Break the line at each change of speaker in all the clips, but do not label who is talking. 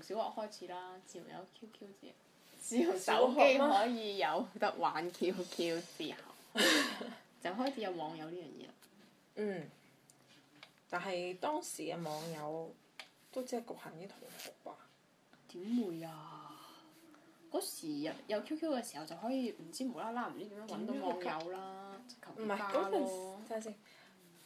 從小學開始啦，始有 QQ 字，始用手機可以有得
玩 QQ 嘅時候， 就開始有網友呢樣嘢。嗯。但係當時嘅網友都只係局限於同學啩？點會啊！嗰時有有 QQ 嘅時候，就可以唔知無啦啦，唔知點樣揾到網友啦。唔係嗰陣時，睇下先。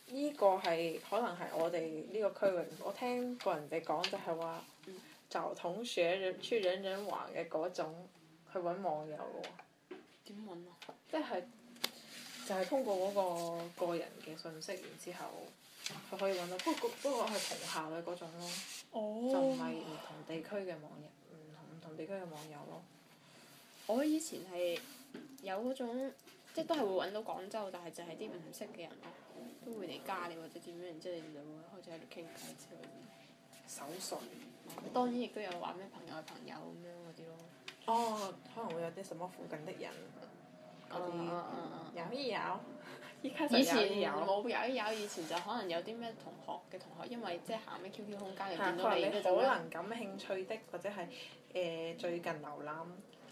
呢、嗯、個係可能係我哋呢個區域， 我聽個人哋講就係話。嗯就同學，出人人玩嘅嗰種，去揾網友嘅喎。點揾啊？即係就係、是、通過嗰個個人嘅信息，然之後佢可以揾到。哦、不過，不過係同校嘅嗰種咯，
就唔係唔
同地區嘅網友，唔同唔同地區嘅網友咯。我以前係
有嗰種，即係都係會揾到廣州，但係就係啲唔識嘅人咯，都會嚟加你或者點樣，然之後，你就會開始喺度傾偈之類。
搜索。
嗯、當然亦都有玩咩朋友嘅朋友咁樣嗰啲
咯。哦，oh, 可能會有啲什麼附近的人嗰啲，
有依有。依家就冇有依有，有，以前就
可能有啲咩同學嘅同學，因為即係行咩 QQ 空間，見到你可能感興趣的，或者係誒最近瀏覽。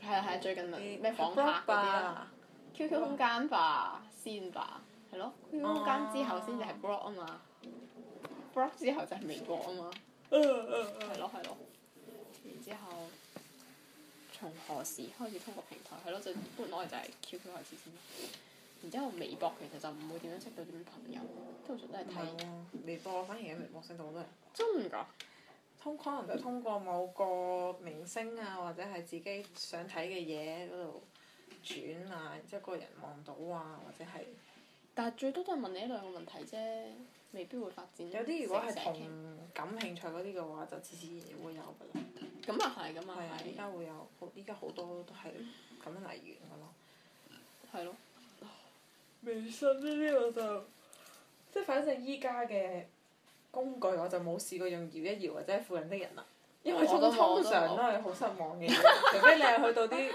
係啊係啊！最近瀏覽咩訪客嗰啲啊？QQ、啊、空間吧，啊、先吧，
係咯。Q、空間
之後先至係 blog 啊嘛，blog 之後就係微博啊嘛。係咯，係咯，然之後從何時開始通過平台？係咯，就本來就係 QQ 開始先。然之後微博其實就唔會點樣識到啲朋友，通常都係睇。
微博反而喺微博識到好多人，真㗎？嗯？通可能就通過某個明星啊，或者係自己想睇嘅嘢嗰度轉啊，然之後個人望到啊，或者係。但係最多都係問你一兩個問題啫。
未必會發展。有啲如果係同
感興趣嗰啲嘅話，就自自然會有噶啦。咁啊係咁嘛。係啊，依家會有，依家好多都係咁樣嚟源噶咯。係咯了。微信呢啲我就，即係反正依家嘅工具，我就冇試過用搖一搖或者係附近的人啦、啊。因為我通常都係好失望嘅，除非你係去到啲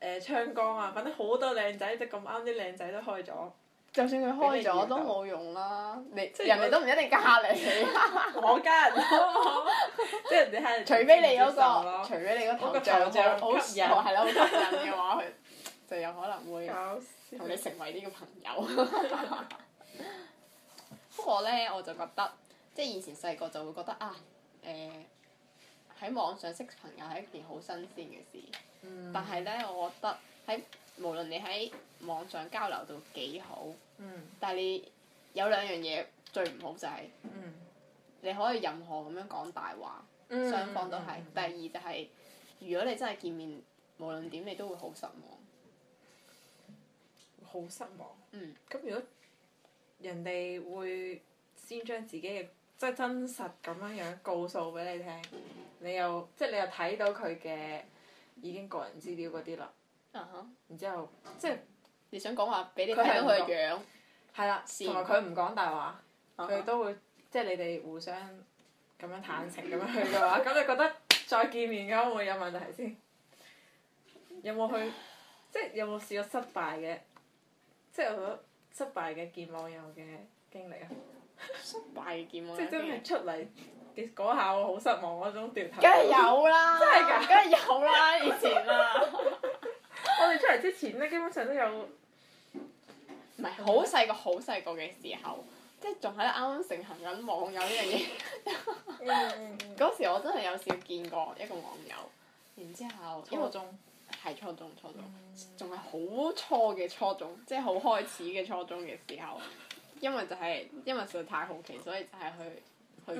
誒昌江啊，反正好多靚仔，即係咁啱啲靚仔都開咗。
就算佢開咗都冇用啦，你人哋都唔一定加你，
我加人，即係除非你嗰個，除非你嗰個頭像好，似係咯好吸引嘅話，
佢就有可能會同你成為呢個朋友。不過咧，我就覺得即係以前細個就會覺得啊，誒喺網上識朋友係一件好新鮮嘅事，
但係
咧，我覺得喺。無論你喺網上交流到幾好，嗯、但係你有兩樣嘢最唔好就係、是，嗯、你可以任何咁樣講大話，嗯、雙方都係。嗯嗯嗯、第二就係、是，如果你真係見面，無論點你都會好失望，
好失望。咁、嗯、如果人哋會先將自己嘅即係真實咁樣樣告訴俾你聽，嗯、你又、嗯、即係你又睇到佢嘅已經個人資料嗰啲啦。然之後即係你想講話俾你睇到佢嘅樣，係啦，同埋佢唔講大話，佢都會即係你哋互相咁樣坦誠咁樣去嘅話，咁你覺得再見面咁會有問題先？有冇去即係有冇試過失敗嘅？即係我失敗嘅見網友嘅經歷啊！失敗嘅見網友，即係真係出嚟嘅嗰下，我好失望嗰種掉頭。梗係有啦！真係梗係有啦！以前啊～
我哋出嚟之前咧，基本上都有，唔係好細個，好細個嘅時候，即係仲喺啱啱盛行緊網友呢樣嘢。嗰、 mm. 時我真係有時見過一個網友，然之後初中係當時 初中，初中仲係好初嘅、mm. 初，初中，即係好開始嘅初中嘅時候。因為就係因為實在太好奇，所以就係去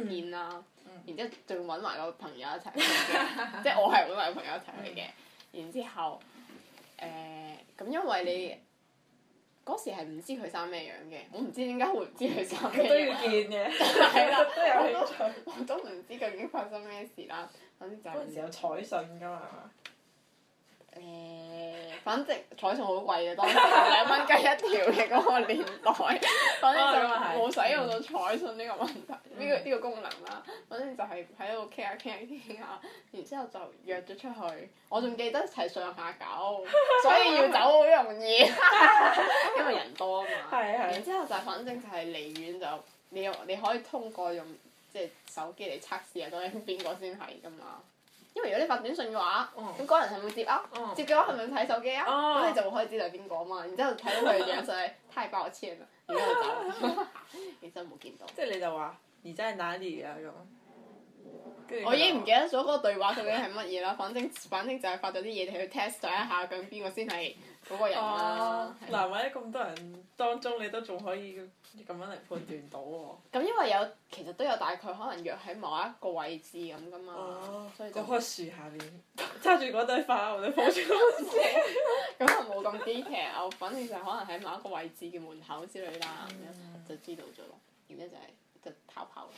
去見啦。Mm. 然之後仲揾埋個朋友一齊，即係我係揾埋個朋友一齊去嘅。然之後。誒，咁、呃、因為你嗰、嗯、時係唔知佢生咩樣嘅，我唔知點解會唔知佢生咩樣。都要
見嘅 了。係啦，都有興
趣，我都唔知究竟發生咩事啦。反正就嗰、是、陣時有彩信㗎嘛。誒、嗯，反正彩信好貴嘅當時，兩蚊雞一條嘅嗰個年代， 反正就冇使用到彩信呢個問題，呢個呢個功能啦。反正就係喺度傾下傾下傾下，然之後就約咗出去。我仲記得係上下九，所以要走好容易。因為人多啊嘛。係係。然之後就反正就係離遠就你你可以通過用即係手機嚟測試下，究竟邊個先係㗎嘛。因為如果你發短信嘅話，咁嗰、oh. 人係咪接啊？Oh. 接嘅話係咪睇手機啊？咁、oh. 你就會可以知道
邊個啊嘛。然之後睇到佢嘅樣就
係太爆黐線啦，然
之後其實冇見 到。即係你就話而家係哪啲啊咁？我已經唔
記得咗嗰個對話究竟係乜嘢啦。反正 反正就係發咗啲嘢你去 test 咗一下，究竟邊個先係？嗰個人啦、啊，嗱、啊，
萬一咁多人當中，你都仲可以咁樣嚟判斷到喎、
啊。咁因為有其實都有大概可能約喺某一個位置咁噶嘛，啊、所以就喺棵
樹下面，揸住
嗰堆花或者抱住嗰支，咁 就冇咁驚奇啊！反正就可能喺某一個位置嘅門口之類啦，咁樣、嗯、就知道咗咯，然之
後就係、是、就逃跑，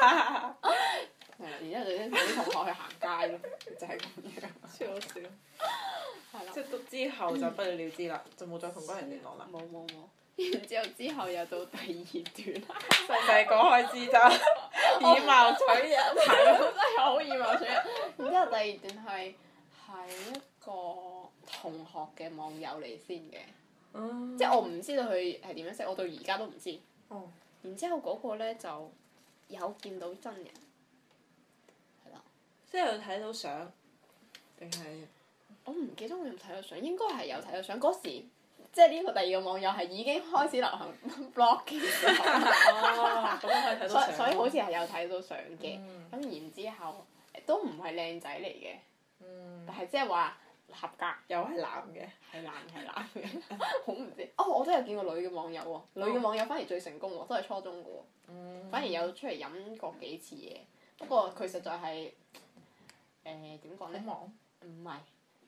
跑。 係啦， 然之後就同啲同學去行街咯，就係、是、咁樣。超好笑。係啦、 嗯。即係之後就不了了之啦，就冇再同嗰人聯絡啦。冇冇冇。 然之後，之後又到第二段，細細個開
始就以貌取人，係咯，真
係好以貌取人。
然之後第二段係係一個同學嘅網友嚟先嘅，嗯、即係我唔知道佢係點樣識，我到而家都唔知。哦、然之後嗰個咧就有見到真人。即係有睇到相，定係我唔記得我有睇到相，應該係有睇到相嗰 時，即係呢個第二個網友係已經開始流行 blog 嘅時候， 所以好似係有睇到相嘅。咁然之後都唔係靚仔嚟嘅，嗯、但係即係話合格又係男嘅，係男係男嘅，好唔男 知。哦，我都有見過女嘅網友喎，oh. 女嘅網友反而最成功喎，都係初中嘅喎，反而有出嚟飲過幾次嘢。不過佢實在係。 誒點講咧？忙？唔係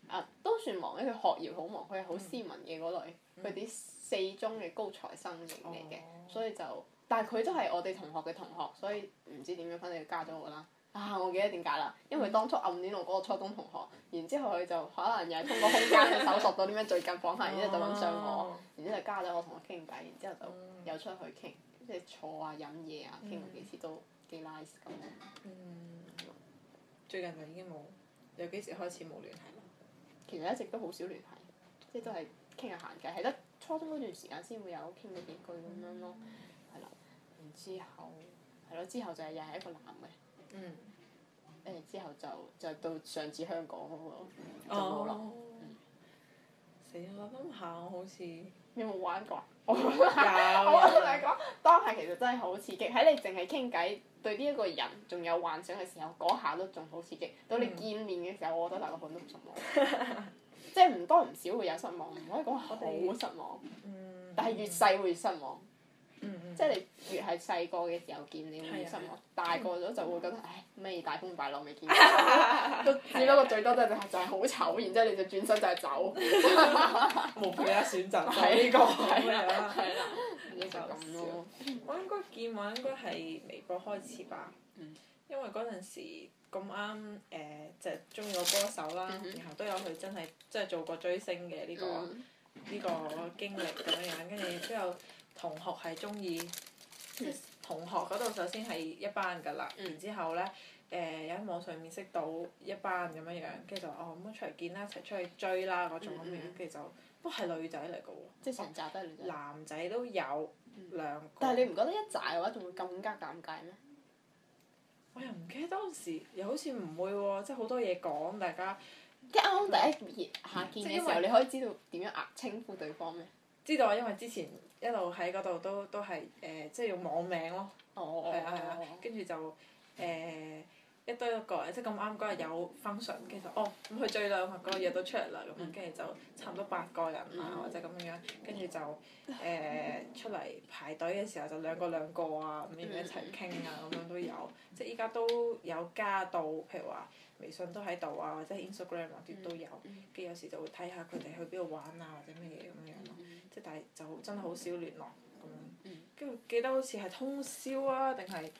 啊，都算忙咧。佢學業好忙，佢係好斯文嘅嗰類，佢啲、嗯、四中嘅高材生型嚟嘅，哦、所以就，但係佢都係我哋同學嘅同學，所以唔知點樣反正加咗我啦。啊，我記得點解啦，因為當初暗戀我嗰個初中同學，然之後佢就可能又係通過空間去搜索到啲咩最近訪客，然之後就揾上我，然之後就加咗我同我傾偈，然之後就又出去傾，即、就、係、是、坐啊飲嘢啊傾過幾次都幾 nice 咁咯。嗯。最近就已經冇，有幾時開始冇聯繫啦？其實一直都好少聯繫，即係都係傾下閒偈，係得初中嗰段時間先會有傾幾句咁、嗯、樣咯，係啦。然之後係咯，之後，後就係又係一個男嘅。嗯。誒之後就
就到上次香港咁啊，就冇啦。死啦、哦！今夏、嗯、我，我好似。你冇玩過？我同你講當下其實真係
好刺激，喺你淨係傾偈。對呢一個人仲有幻想嘅時候，嗰下都仲好刺激。到你見面嘅時候，我覺得大部分都唔失望，即係唔多唔少會有失望。唔可以講話好失望，但係越細會越失望，即係你越係細個嘅時候見你會越失望，大個咗就會覺得唉，咩大風大浪未見過，只不過最多都係就係好醜，然之後你就轉身就係走，
冇其他選擇，係個。就咁咯， 我應該見我應該係微博開始吧。嗯、因為嗰陣時咁啱誒就中意個歌手啦，嗯、哼然後都有佢真係即係做過追星嘅呢、呢個呢、嗯、個經歷咁樣樣，跟住之後同學係中意，即係同學嗰度首先係一班㗎啦，然之後咧誒有喺網上面識到一班咁樣樣，跟住就哦咁出嚟見啦，一齊出去追啦嗰種咁樣，跟住就。都係女仔嚟嘅喎，即係成扎都係女仔。哦、男仔都有兩個、嗯。但係你唔覺得一拃嘅話
仲會更加尷尬咩？
我又唔記得當時，又好似唔會喎、哦，即係好多嘢講，大家。即係啱啱第一下見嘅時候，為你可以知道點樣呃稱呼對方咩？知道啊，因為之前一路喺嗰度都都係。誒、呃，即、就、係、是、用網名咯。哦。係啊係啊，跟住、啊、就誒。呃一堆一個，即係咁啱嗰日有 function，其實哦，佢最耐嗰個日都出嚟啦，咁樣跟住就差唔多八個人啦、啊，或者咁樣，跟住就誒、呃、 出嚟排隊嘅時候就兩個兩個啊，咁樣一齊傾啊，咁樣都有，即係依家都有加到，譬如話微信都喺度啊，或者 Instagram 或、啊、都有，跟住、嗯、有時就會睇下佢哋去邊度玩啊，或者咩嘢咁樣咯，即係但係就真係好少聯絡咁樣，跟住記得好似係通宵啊，定係。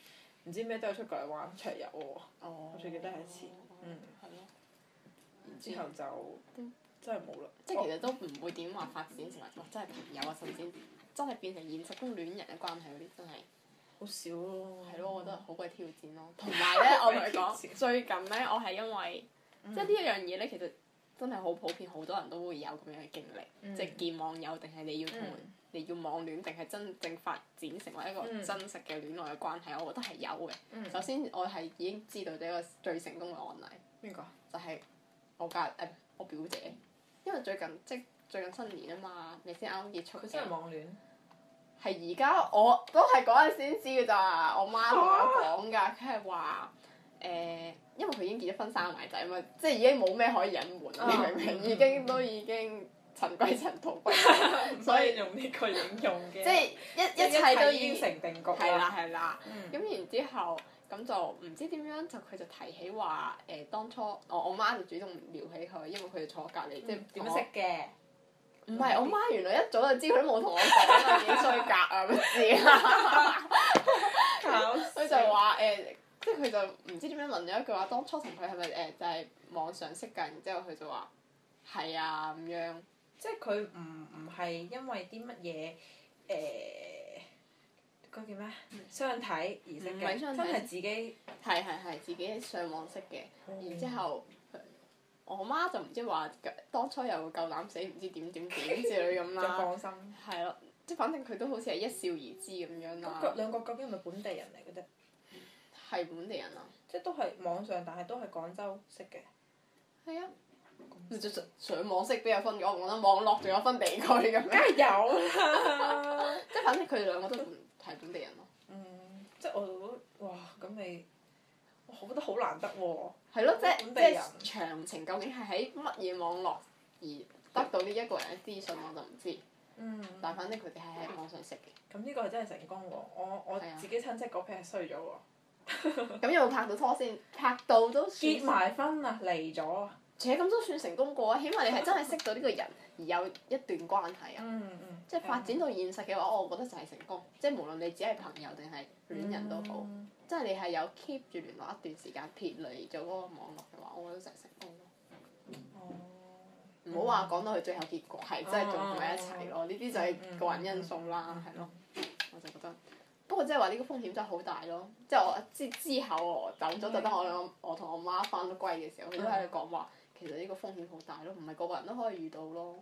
唔知咩都去出國嚟玩桌遊喎，我最記得係一次，嗯。係咯。之後就真係冇啦。即係其實都唔會點話
發展成為，真係朋友啊，甚至真係變成現實中戀人嘅關係嗰啲，真係。好少咯。係咯，我覺得好鬼挑戰咯。同埋咧，我同你講，最近咧，我係因為即係呢一樣嘢咧，其實真係好普遍，好多人都會有咁樣嘅經歷，即係見網友定係你要同。要網戀定係真正發展成為一個真實嘅戀愛嘅關係，我覺得係有嘅。首先，我係已經知道咗一個最成功嘅案例。邊個誰？就係我隔誒、哎、我表姐，因為最近即係最近新年啊嘛，你先啱啱結束。佢真係網戀。係而家我都係嗰陣先知嘅咋，我媽同我講㗎，佢係話誒，因為佢已經結咗婚生埋仔啊嘛，即係已經冇咩可以隱瞞，啊、你明唔明？嗯、已經都已經。 塵歸塵土
歸土，所以用呢個形容嘅。即係一一切都已經成定局啦。係啦係
啦。咁然之後，咁就唔知點樣，就佢就提起話誒，當初我我媽就主動撩起佢，因為佢哋坐隔離，即係點識嘅？唔係我媽原來一早就知佢，都冇同我講，幾衰格啊，咁樣。搞笑。佢就話誒，即係佢就唔知點樣問咗一句話，當初同佢係咪誒就係網上識㗎？然之後佢就話係啊咁樣。即係佢唔唔
係，因為啲乜嘢誒嗰個叫咩相睇而識嘅，嗯、相睇真係自己係，係，係自己上網識嘅，然、哦、之後
我媽就唔知話，當初又夠膽死，唔知點點點之類咁啦。 放心。係咯，即係反正佢都好似係一笑而知咁樣咯，那個。兩個究竟係咪本地人嚟嘅啫？係本地人啊！即係都係網上，但係都係廣州識嘅。
係啊。
即上上網識都有分，我唔覺得網絡仲有分畀
佢。咁。梗係有啦， 即係反正佢哋兩個都唔係本地人咯。嗯，即係我覺得哇！咁你，我覺得好難得喎、啊。係咯了，即本
地人，長情究竟係喺乜嘢網絡而得到呢一個人嘅資訊，我就唔知。嗯。但係
反正佢哋係喺網上識嘅。咁呢個係真係成功喎！我我自己親戚嗰批係衰咗喎。咁、啊、 有冇拍到拖先？拍到都。結埋婚啦！離咗。且咁都算成功過啊！起碼你係真係識到呢個人，而有一段
關係啊，即係發展到現實嘅話，我覺得就係成功。即係無論你只係朋友定係戀人都好，即係你係有 keep 住聯絡一段時間撇離咗嗰個網絡嘅話，我覺得就係成功咯。哦。唔好話講到佢最後結果，係真係仲同喺一齊咯，呢啲就係個人因素啦，係咯。我就覺得，不過即係話呢個風險真係好大咯。即係我之之後我走咗，就得我我同我媽翻到歸嘅時候，佢都喺度講話。其實呢個風險好大咯，唔係個個人都可以遇到咯。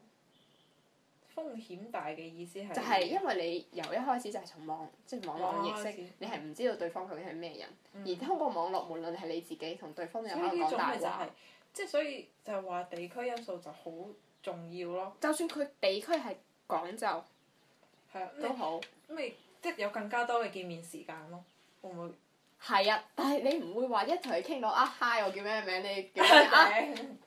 風險大嘅意思係？就係因
為你由一開始就係從網，即、就、係、是、網絡認識，啊、你係唔知道對方究竟係咩人，嗯、而通過網絡無論係你自己同對方，有又可能講大話。即
係所以就係、是、話、就是、地區因素就好重要咯。
就算佢地區
係廣州，係、啊、都好，咁咪即係有更加多嘅見面時間咯，會唔
會？係啊，但係你唔會話一齊傾到啊嗨，ah, hi, 我叫咩名？你叫咩名？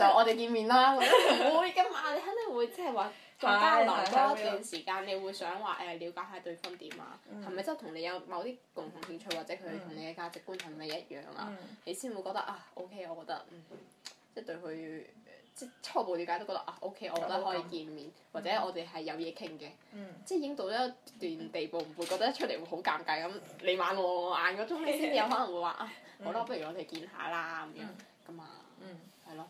就我哋見面啦，咁樣唔會噶嘛？你肯定會即係話
同交流多一段
時間，你會想話誒了解下對方點啊？係咪真係同你有某啲共同興趣，或者佢同你嘅價值觀係咪一樣啊？你先會覺得啊 OK，我覺得即係對佢即初步了解都覺得啊 OK，我覺得可以見面，或者我哋係有嘢傾嘅，即係已經到咗一段地步，唔會覺得一出嚟會好尷尬咁。你晚我我晏個鐘，你先有可能會話啊，好啦，不如我哋見下啦咁樣咁啊。係咯。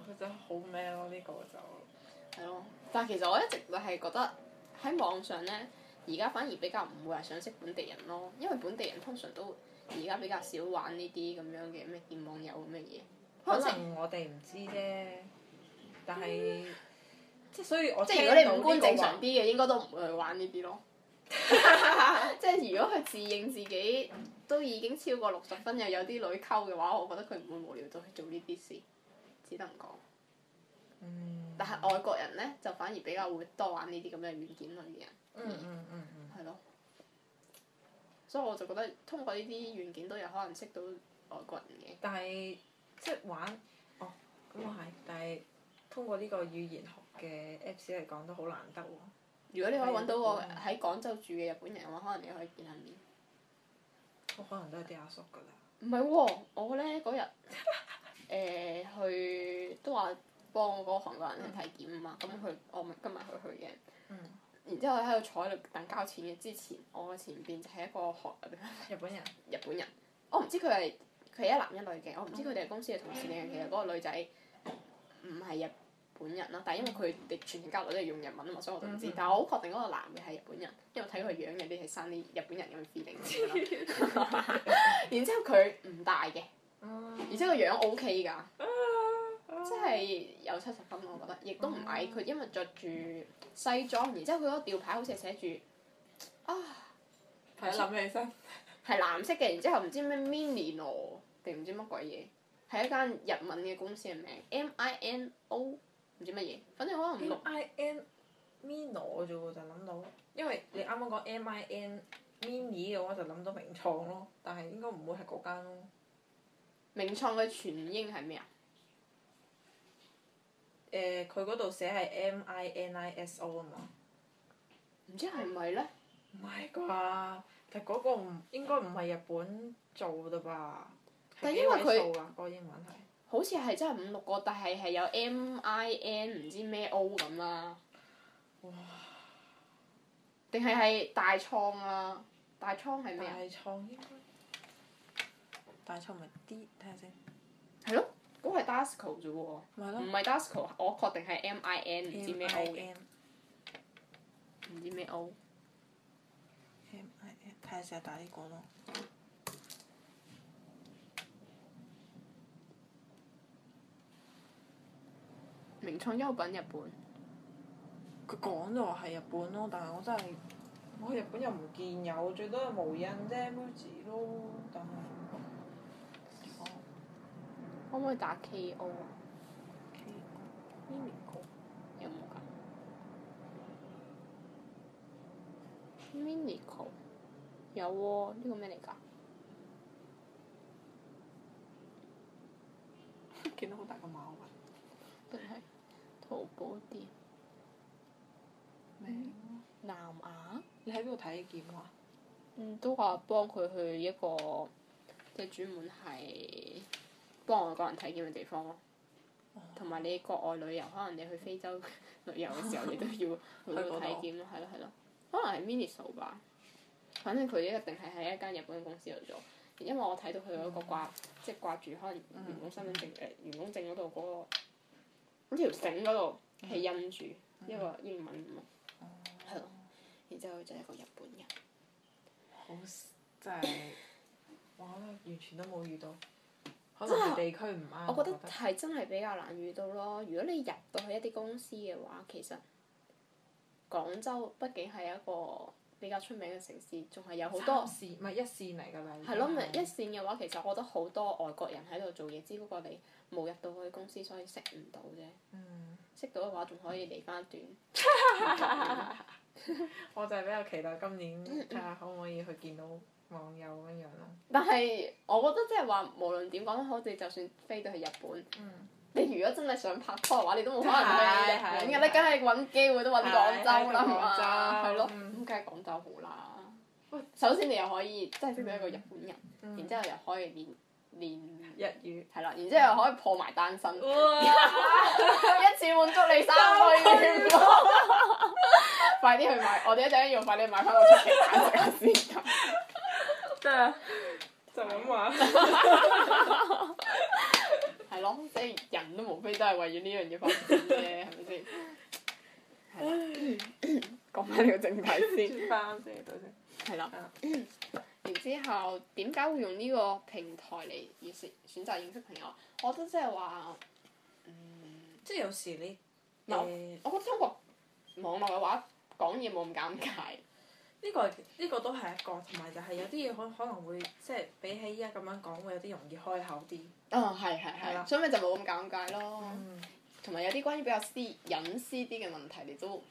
佢真係好咩咯？呢個就係咯，但係其實我一直都係覺得喺網上咧，而家反而比較唔會話想識本地人咯，因為本地人通常都而家比較少玩呢啲咁樣嘅咩見網友咁嘅嘢。
可能我
哋唔知啫，
但係、嗯、即係所以我即係如果你五官正常啲
嘅，玩 應該都唔會去玩呢啲咯。 即係如果佢自認自己都已經超過六十分，又有啲女溝嘅話，我覺得佢唔會無聊到去做呢啲事。只能講，但係外國人咧就反而比較會多玩呢啲咁嘅軟件類嘅人，係、嗯嗯、咯。嗯嗯嗯、所以我就覺得通過呢啲軟件都
有可能識到外國人嘅。但係即係玩，哦咁啊係，但係通過呢個語言學嘅 Apps 嚟講都好難得喎。如果你可以揾到個
喺廣州住嘅日本人嘅話，欸嗯、可能你可以見下面。
我可能都係啲阿叔㗎啦。唔
係喎，我咧嗰日。 誒、呃、去都話幫嗰個韓國人去體檢啊、嗯、嘛，咁佢、嗯、我咪今日去去嘅。嗯、然之後喺度坐喺度等交錢嘅之前，我前邊係一個韓日本人， 日本人。我唔知佢係佢係一男一女嘅，我唔知佢哋係公司嘅同事定係、嗯、其實嗰個女仔。唔係日本人啦，嗯、但係因為佢哋全程交流都係用日文啊嘛，所以我都唔知。嗯嗯、但係我好確定嗰個男嘅係日本人，因為睇佢樣有啲係生啲日本人咁樣 feel。 然之後佢唔大嘅。而且個樣 O K 㗎，即係、啊啊、有七十分我覺得，亦都唔矮。佢、嗯、因為着住西裝，然之後佢嗰個吊牌好似係寫住啊，
係啊，諗起
身，係藍色嘅。 然之後唔知咩 MINO i 定唔知乜鬼嘢，係一間日文嘅公司嘅名 M I N
O，唔知乜嘢。反正可能 I、N、M I N MINO 啫喎，我就諗到。因為你啱啱講 M I N MINI 嘅話，ini，就諗到名創咯，但係應該唔會係嗰間咯。名創嘅全英係咩啊？誒，佢嗰度寫係 M I N I S O 啊嘛，唔知係唔係咧？唔係啩？但嗰個唔應該唔係日本做嘅吧？
但係因為佢做
啊，個英文係
好似係真係五六個，但係係有 M I N 唔知咩 O 咁啦。哇！定係係大創啊？大創係咩啊？大創大錯唔
係啲，睇
下先。係咯，嗰個係 DASCO 啫喎，唔係 DASCO，我確定係 M.I.N 唔知咩 O M，唔知咩
O？M.I.N，睇下先啊！I、N, 看看試試打呢個咯。名創優品日本。佢講就係日本咯，但係我真係。我喺日本又唔見有，最多係無印啫，帽子咯，但係。
可唔可以打 K.O. 啊？Mini，Cool 有冇㗎？Mini，Cool 有喎，呢個咩嚟㗎？
見到好大個貓㗎！
都係淘寶店。咩麼？南亞？你喺邊度睇見㗎？嗯，都話幫佢去一個，即係專門係。幫外國人體檢嘅地方，咯，同埋你國外旅遊，可能你去非洲 旅遊嘅時候，你都要去嗰度體檢咯，係咯係咯，可能係 Miniso 吧。反正佢一定係喺一間日本嘅公司度做，因為我睇到佢有一個掛，嗯、即係掛住可能員工身份證誒員、嗯呃、工證嗰度嗰個，嗰條繩嗰度係印住一個英文，係咯、嗯，然之後就係一個日
本人。好，真係，我覺得完全都冇遇到。真係地區唔啱，我覺得係
真係比較難遇到咯。如果你入到去一啲公司嘅話，其實廣州畢竟係一個比較出名嘅城市，仲係有好多
線。唔係一線嚟㗎嘛？係咯的，唔係你們 一
線嘅話，其實我覺得好多外國人喺度做嘢，只不過你冇入到去公司，所以識唔到啫。嗯。識到嘅話，仲可以嚟翻一段。
我就係比較期待今年睇下可唔可以去見到。網友一樣
咯，但係我覺得即係話無論點講，好似就算飛到去日本，嗯、你如果真係想拍拖嘅話，你都冇可能咩嘅，咁你梗係揾機會都揾廣州啦，係、哎哎、咯，咁梗係廣州好啦。首先你又可以真係識到一個日本人，嗯、然之後又可以練練日語，係啦，然之後又可以破埋單身，哇 一次滿足你三樣分。 快啲去買！我哋一陣要快啲買翻個出奇大嘅時間。真係、啊、就咁話，係咯，即係人都無非都係為咗呢樣
嘢發展啫，係咪 先 講翻個正題先。翻少少先。係啦
然之後點解會用呢個平台嚟認識選擇認識朋友？我覺得即係話，嗯，
即係有時呢你，我， 我覺得中國網絡嘅話講嘢冇咁尷尬。呢個呢個都係一個，同埋就係有啲嘢可可能會即係比起依家咁樣講，會有啲容易開口啲。啊，係係係。所以咪就冇咁尷尬咯。嗯。
同埋有啲關於比較私隱私啲嘅問題，你都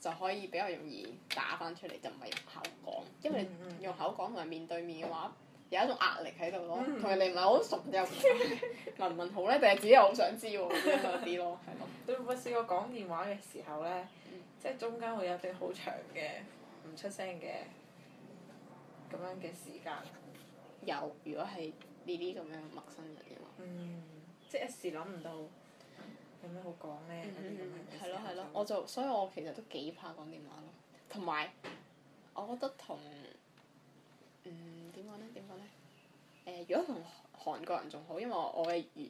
就可以比較容易打返出嚟，就唔係用口講，因為用口講同埋面對面嘅話，有一種壓力喺度咯。同埋你唔係好熟又後問唔問好咧，定係自己又好想知喎
嗰啲咯，係咯。你會唔會試過講電話嘅時候咧？即係中間會有啲好長嘅。唔出聲嘅咁樣嘅時間有，如果係呢啲咁樣陌生人嘅話，
嗯，
即一時諗唔到、嗯、有咩好講咧嗰啲咁嘅電話。係咯係咯，我
就所以我其實都幾怕講電話咯，同埋我覺得同嗯點講咧點講咧，誒、呃，如果同韓國人仲好，因為我嘅語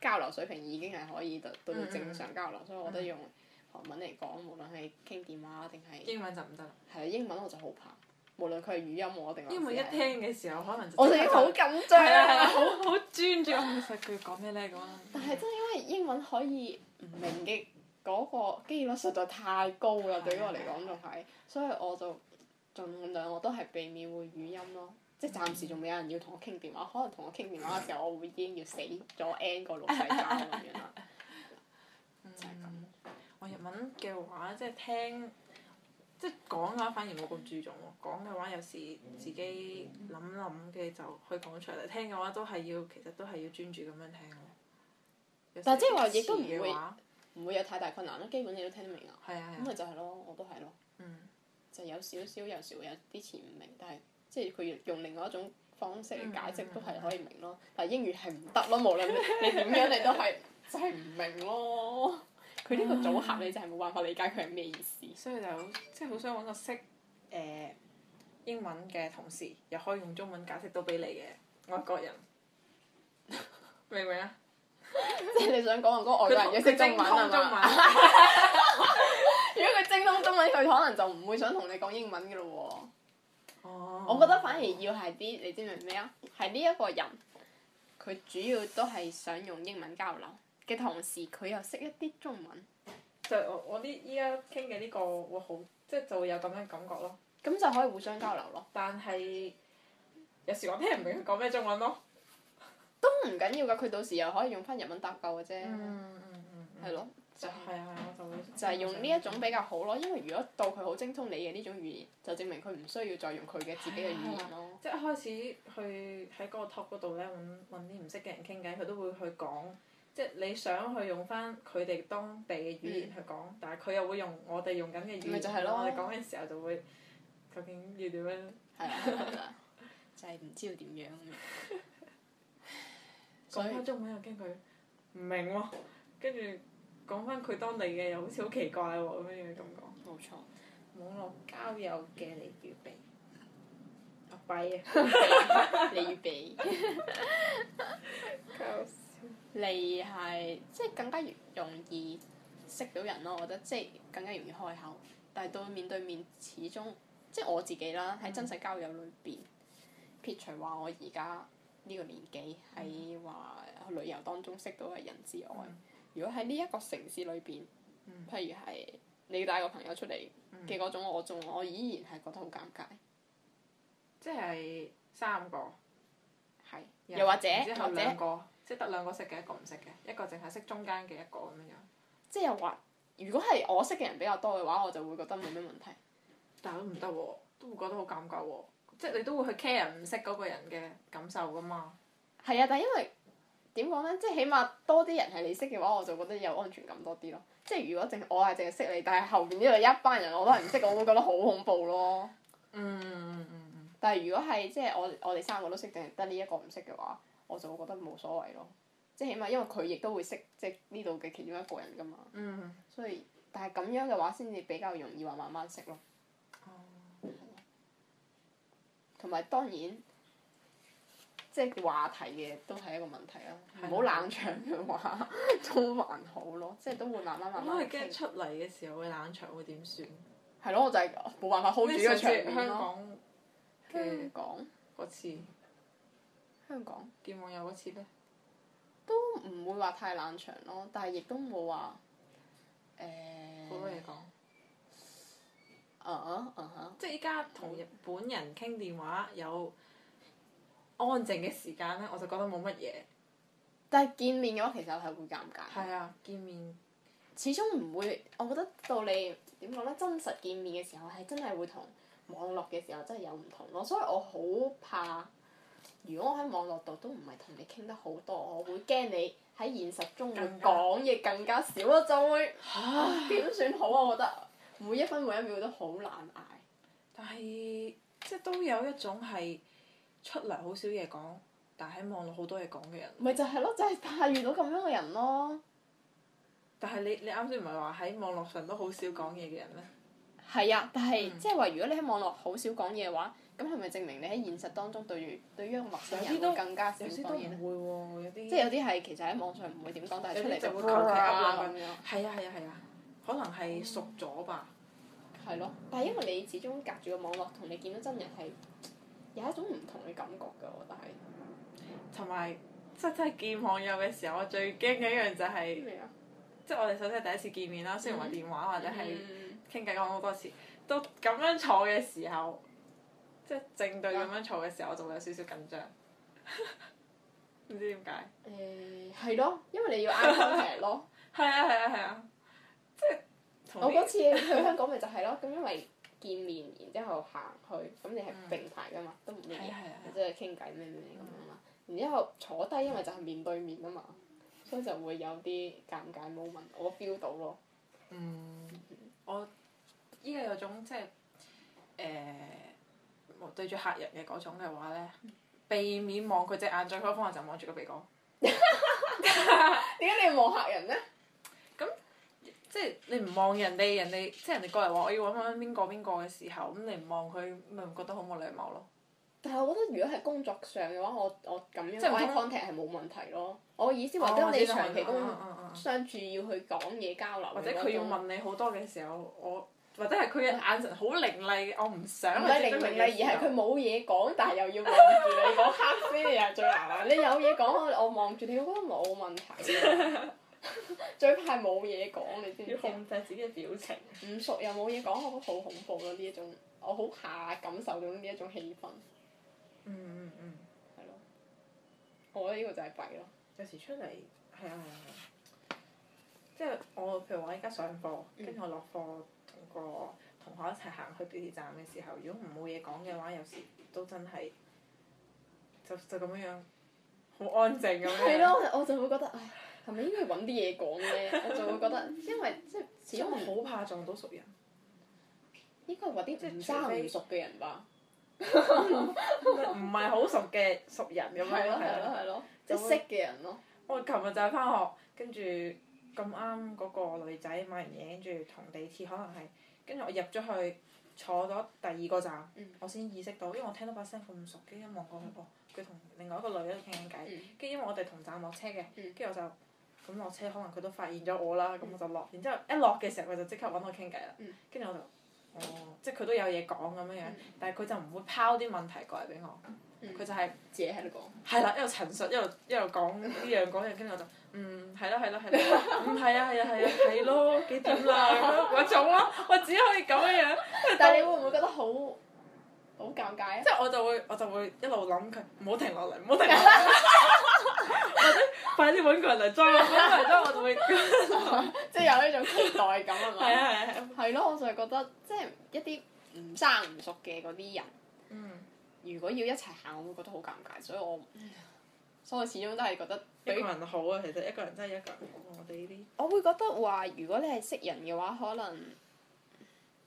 交流水平已經係可以到到正常交流，嗯、所以我覺得用。嗯文嚟講，無論係傾電話定係
英文就唔得。係啊，英文我就好怕，無論佢係語音我定，英文一聽嘅時候，可能，我哋就好緊張。係啊，係好好專注，其實佢講咩咧咁，但
係真係因為英文可以唔明嘅嗰個機率，率實在太高啦， 對於我嚟講仲係，所以我就儘量我都係避免會語音咯， 即係暫時仲未有人要同我傾電話，可能同我傾電話嘅時候，我會已經要死咗 N 個腦細胞咁樣啦。
文嘅話，即係聽，即係講嘅話，反而冇咁注重喎。講嘅話，有時自己諗諗嘅就可以講出嚟。聽嘅話，都係要，其實都係要專注咁樣聽咯。但係即係話，亦都唔會
唔會有太大困難咯。基本嘢都聽得明啊。係啊，咁咪就係咯，我都係咯。嗯。就有少少有時會有啲詞唔明，但係即係佢用另外一種方式嘅解釋都係可以明咯。嗯嗯嗯嗯嗯，但係英語係唔得咯，無論你點樣，你都係就係唔明咯。佢呢個組合
你 就係冇辦法理解佢係咩意思。所以就即係好想揾個識誒、呃、英文嘅同事，又可以用中文解釋到俾你嘅 外國人，明唔明啊？即係你想講外
國人唔識英文係嘛？如果佢精通中文，佢 可能就唔會想同你講英文嘅咯喎。哦。我覺得反而要係啲，你知唔明咩啊？係呢一個人，佢主要都係想用英文交流。嘅同時，佢又識一啲中文，
就我我啲依家傾嘅呢個會好，即係就會有咁樣感覺咯。咁就可以互相交流咯。但係有時我聽唔明佢講咩中文咯，嗯。
都唔緊要㗎，佢到時又可以用翻日文搭救嘅啫。嗯嗯嗯。係、嗯、咯、嗯。就係。係啊
係啊，就
會。就係用呢一種比較好咯，因為如果到佢好精
通你嘅呢種語言，就證明佢唔需要再用佢嘅自己嘅語言咯。即係一開始去喺嗰個 top 嗰度咧，揾揾啲唔識嘅人傾偈，佢都會去講。即係你想去用翻佢哋當地嘅語言去講，嗯、但係佢又會用我哋用緊嘅語言，就係咯，我哋講嘅時候就會究竟要點樣？係啊，就係唔知道點樣。講翻中文又驚佢唔明喎，跟住講翻佢當地嘅又好似好奇怪喎，咁樣樣咁講。冇錯，網絡
交友嘅
利與弊，阿爸嘅利
與弊，搞死。嚟係，即係更加容易識到人咯，我覺得即係更加容易開口。但係到面對面，始終即係我自己啦，喺、嗯、真實交友裏邊，撇除話我而家呢個年紀喺話去旅遊當中識到嘅人之外，嗯、如果喺呢一個城市裏邊，嗯、譬如係你帶個朋友出嚟嘅嗰種我，嗯、我仲我依然係覺得好尷尬。即係三個。係是。又或者，或者。
即係得兩個識嘅，一個唔識嘅，一個淨係識中間嘅一個咁樣樣。即係又話，如果係我識嘅人比較多嘅話，我就會覺得冇咩問題。但係都唔得喎，都會覺得好尷尬喎、啊。即係你都會去 care 唔識嗰個人嘅感受噶嘛。
係啊，但係因為點講咧？即係起碼多啲人係你識嘅話，我就覺得有安全感多啲咯。即係如果淨我係淨係識你，但係後邊呢度一班人我都係唔識，我會覺得好恐怖咯。嗯嗯嗯，但係如果係即係我我哋三個都識，定係得呢一個唔識嘅話？我就會覺得冇所謂咯，即係起碼因為佢亦都會識，即係呢度嘅其中一個人噶嘛，嗯、所以但係咁樣嘅話，先至比較容易話慢慢識咯。同埋、嗯、當然，即、就、係、是、話題嘅都係一個問題啊！唔好的冷場嘅話 都
還好咯，即、就、係、是、都會慢慢慢慢我。我係驚出嚟嘅時候會冷場，會點算？係咯，我就係冇辦法 hold 住呢個場面咯。香港、
嗯，嘅講嗰次。香港見網友嗰次咧，都唔會話太冷場咯，但係
亦都冇話誒。好、欸、多嘢講、啊。啊啊即係依家同日本人傾電話有安靜嘅時間咧，我就覺得冇乜嘢。
但係見面嘅話，其實我係會尷尬。係啊，見面始終唔會，我覺得到你點講咧？真實見面嘅時候係真係會同網絡嘅時候真係有唔同咯，所以我好怕。如果我喺網絡度都唔係同你傾得好多，我會驚你喺現實中會講嘢更加少咯，更加 我就會點算好啊？我覺得每一分每一秒都
好難捱。但係即係都有一種係出嚟好少嘢講，但係喺網絡好多嘢講嘅人。
咪就係咯，就係怕遇到咁樣嘅人咯。
但係你你啱先唔係話喺網絡上都好少講嘢嘅人咩？
係啊，但係即係話如果你喺網絡好少講嘢嘅話。咁係咪證明你喺現實當中對於對於陌生人會更加少都唔會、啊、有啲。即係有啲係其實喺網上唔會點講，但係出嚟就會求其係啊係啊係樣啊，啊，啊，啊，
可能係熟咗吧。係咯、嗯
啊，但係因為你始終隔住個網絡同你見到真人係有一種唔同嘅感覺㗎，我覺得係。
同埋即係真係見網友嘅時候，我最驚嘅一樣就係，即係我哋首先係第一次見面啦，嗯、雖然話電話或者係傾偈講好多次，到咁、嗯、樣坐嘅時候。即係正對咁樣坐嘅時候，Yeah. 我仲會有少少緊張，唔
知點解？誒、嗯，係咯，因為你要挨得近咯。係啊， 係啊，係啊！
即係我嗰次去香
港，咪就係咯。咁因為見面，然之後行去，咁你係並排噶嘛，都唔咩嘅，即係傾偈咩咩咁樣嘛。然之後坐低，因為就係面對面啊嘛，所以就會有啲尷
尬 moment，我 feel 到咯。 嗯，我依家有種即係誒。欸對住客人嘅嗰種嘅話咧，避免望佢隻眼，最好方法就望住個鼻哥。點解 你要望客人咧？咁即係你唔望人哋，人哋即係人哋過嚟話我要揾翻邊個邊個嘅時候，咁你唔望佢，咪覺得好冇禮貌咯？
但係我覺得如果係工作上嘅話，我我咁樣 eye contact
係冇問題咯。我意思話或者你長期工相處要去講嘢交流，或者佢要問你好多嘅時候，我。或者係佢嘅眼神好凌厲，我唔想。唔凌厲，而係佢
冇嘢講，但係又要望住你嗰刻先係最難。你有嘢講，我望住你，我覺得冇問題。最怕冇嘢講，你知唔知？要控制自己嘅表情。唔熟又冇嘢講，我覺得好恐怖咯！呢一種，我好怕感受到呢一種氣氛。嗯嗯嗯，
係咯。我覺得呢個就係弊咯。有時出嚟係啊！即係我譬如話，我而家上課，跟住我落課。個同學一齊行去地鐵站嘅時候，如果唔冇嘢講嘅話，有時都真係就就咁樣樣，好安靜咁。係咯
我就會覺得，唉，
係咪應該揾啲嘢講嘅？ 我就會覺得，因為即係始終好怕撞到熟人。應該揾啲即係唔熟嘅人吧。唔係好熟嘅熟人咁樣咯，係咯，係
咯，即係識嘅人咯。
我琴日就係返學，跟住咁啱嗰個女仔買完嘢，跟住同地鐵，可能係。跟住我入咗去，坐咗第二個站，嗯、我先意識到，因為我聽到把聲咁熟，跟住望過去、那個，嗯、哦，佢同另外一個女喺度傾緊偈，跟住、嗯、因為我哋同站落車嘅，跟住、嗯、我就咁落車，可能佢都發現咗我啦，咁我就落，然之後一落嘅時候佢就即刻揾我傾偈啦，跟住、嗯、我就，哦，即係佢都有嘢講咁樣樣，嗯、但係佢就唔會拋啲問題過嚟俾我。嗯佢就係自己喺度講，係啦，一路陳述，一路一路講呢樣講樣，跟住我就嗯係咯係咯係咯，唔係啊係啊係啊係咯，幾掂啦嗰種咯，我只可以咁樣樣。但係你會唔會覺得好，好尷尬？即係我就會我就會一路諗佢，唔好停落嚟，唔好停落嚟，或者快啲揾個人嚟追揾個人，我就會即係有呢種
期待感係嘛。
係啊係啊係啊
係咯，我就係覺得即係一啲唔生唔熟嘅嗰啲人。嗯。如果要一齊行，我會覺得好尷尬，所以我，所以我始終都係覺得比一個人好啊。其實一個人真係一個人好，我哋呢啲。我會覺得話，如果你係識人嘅話，可能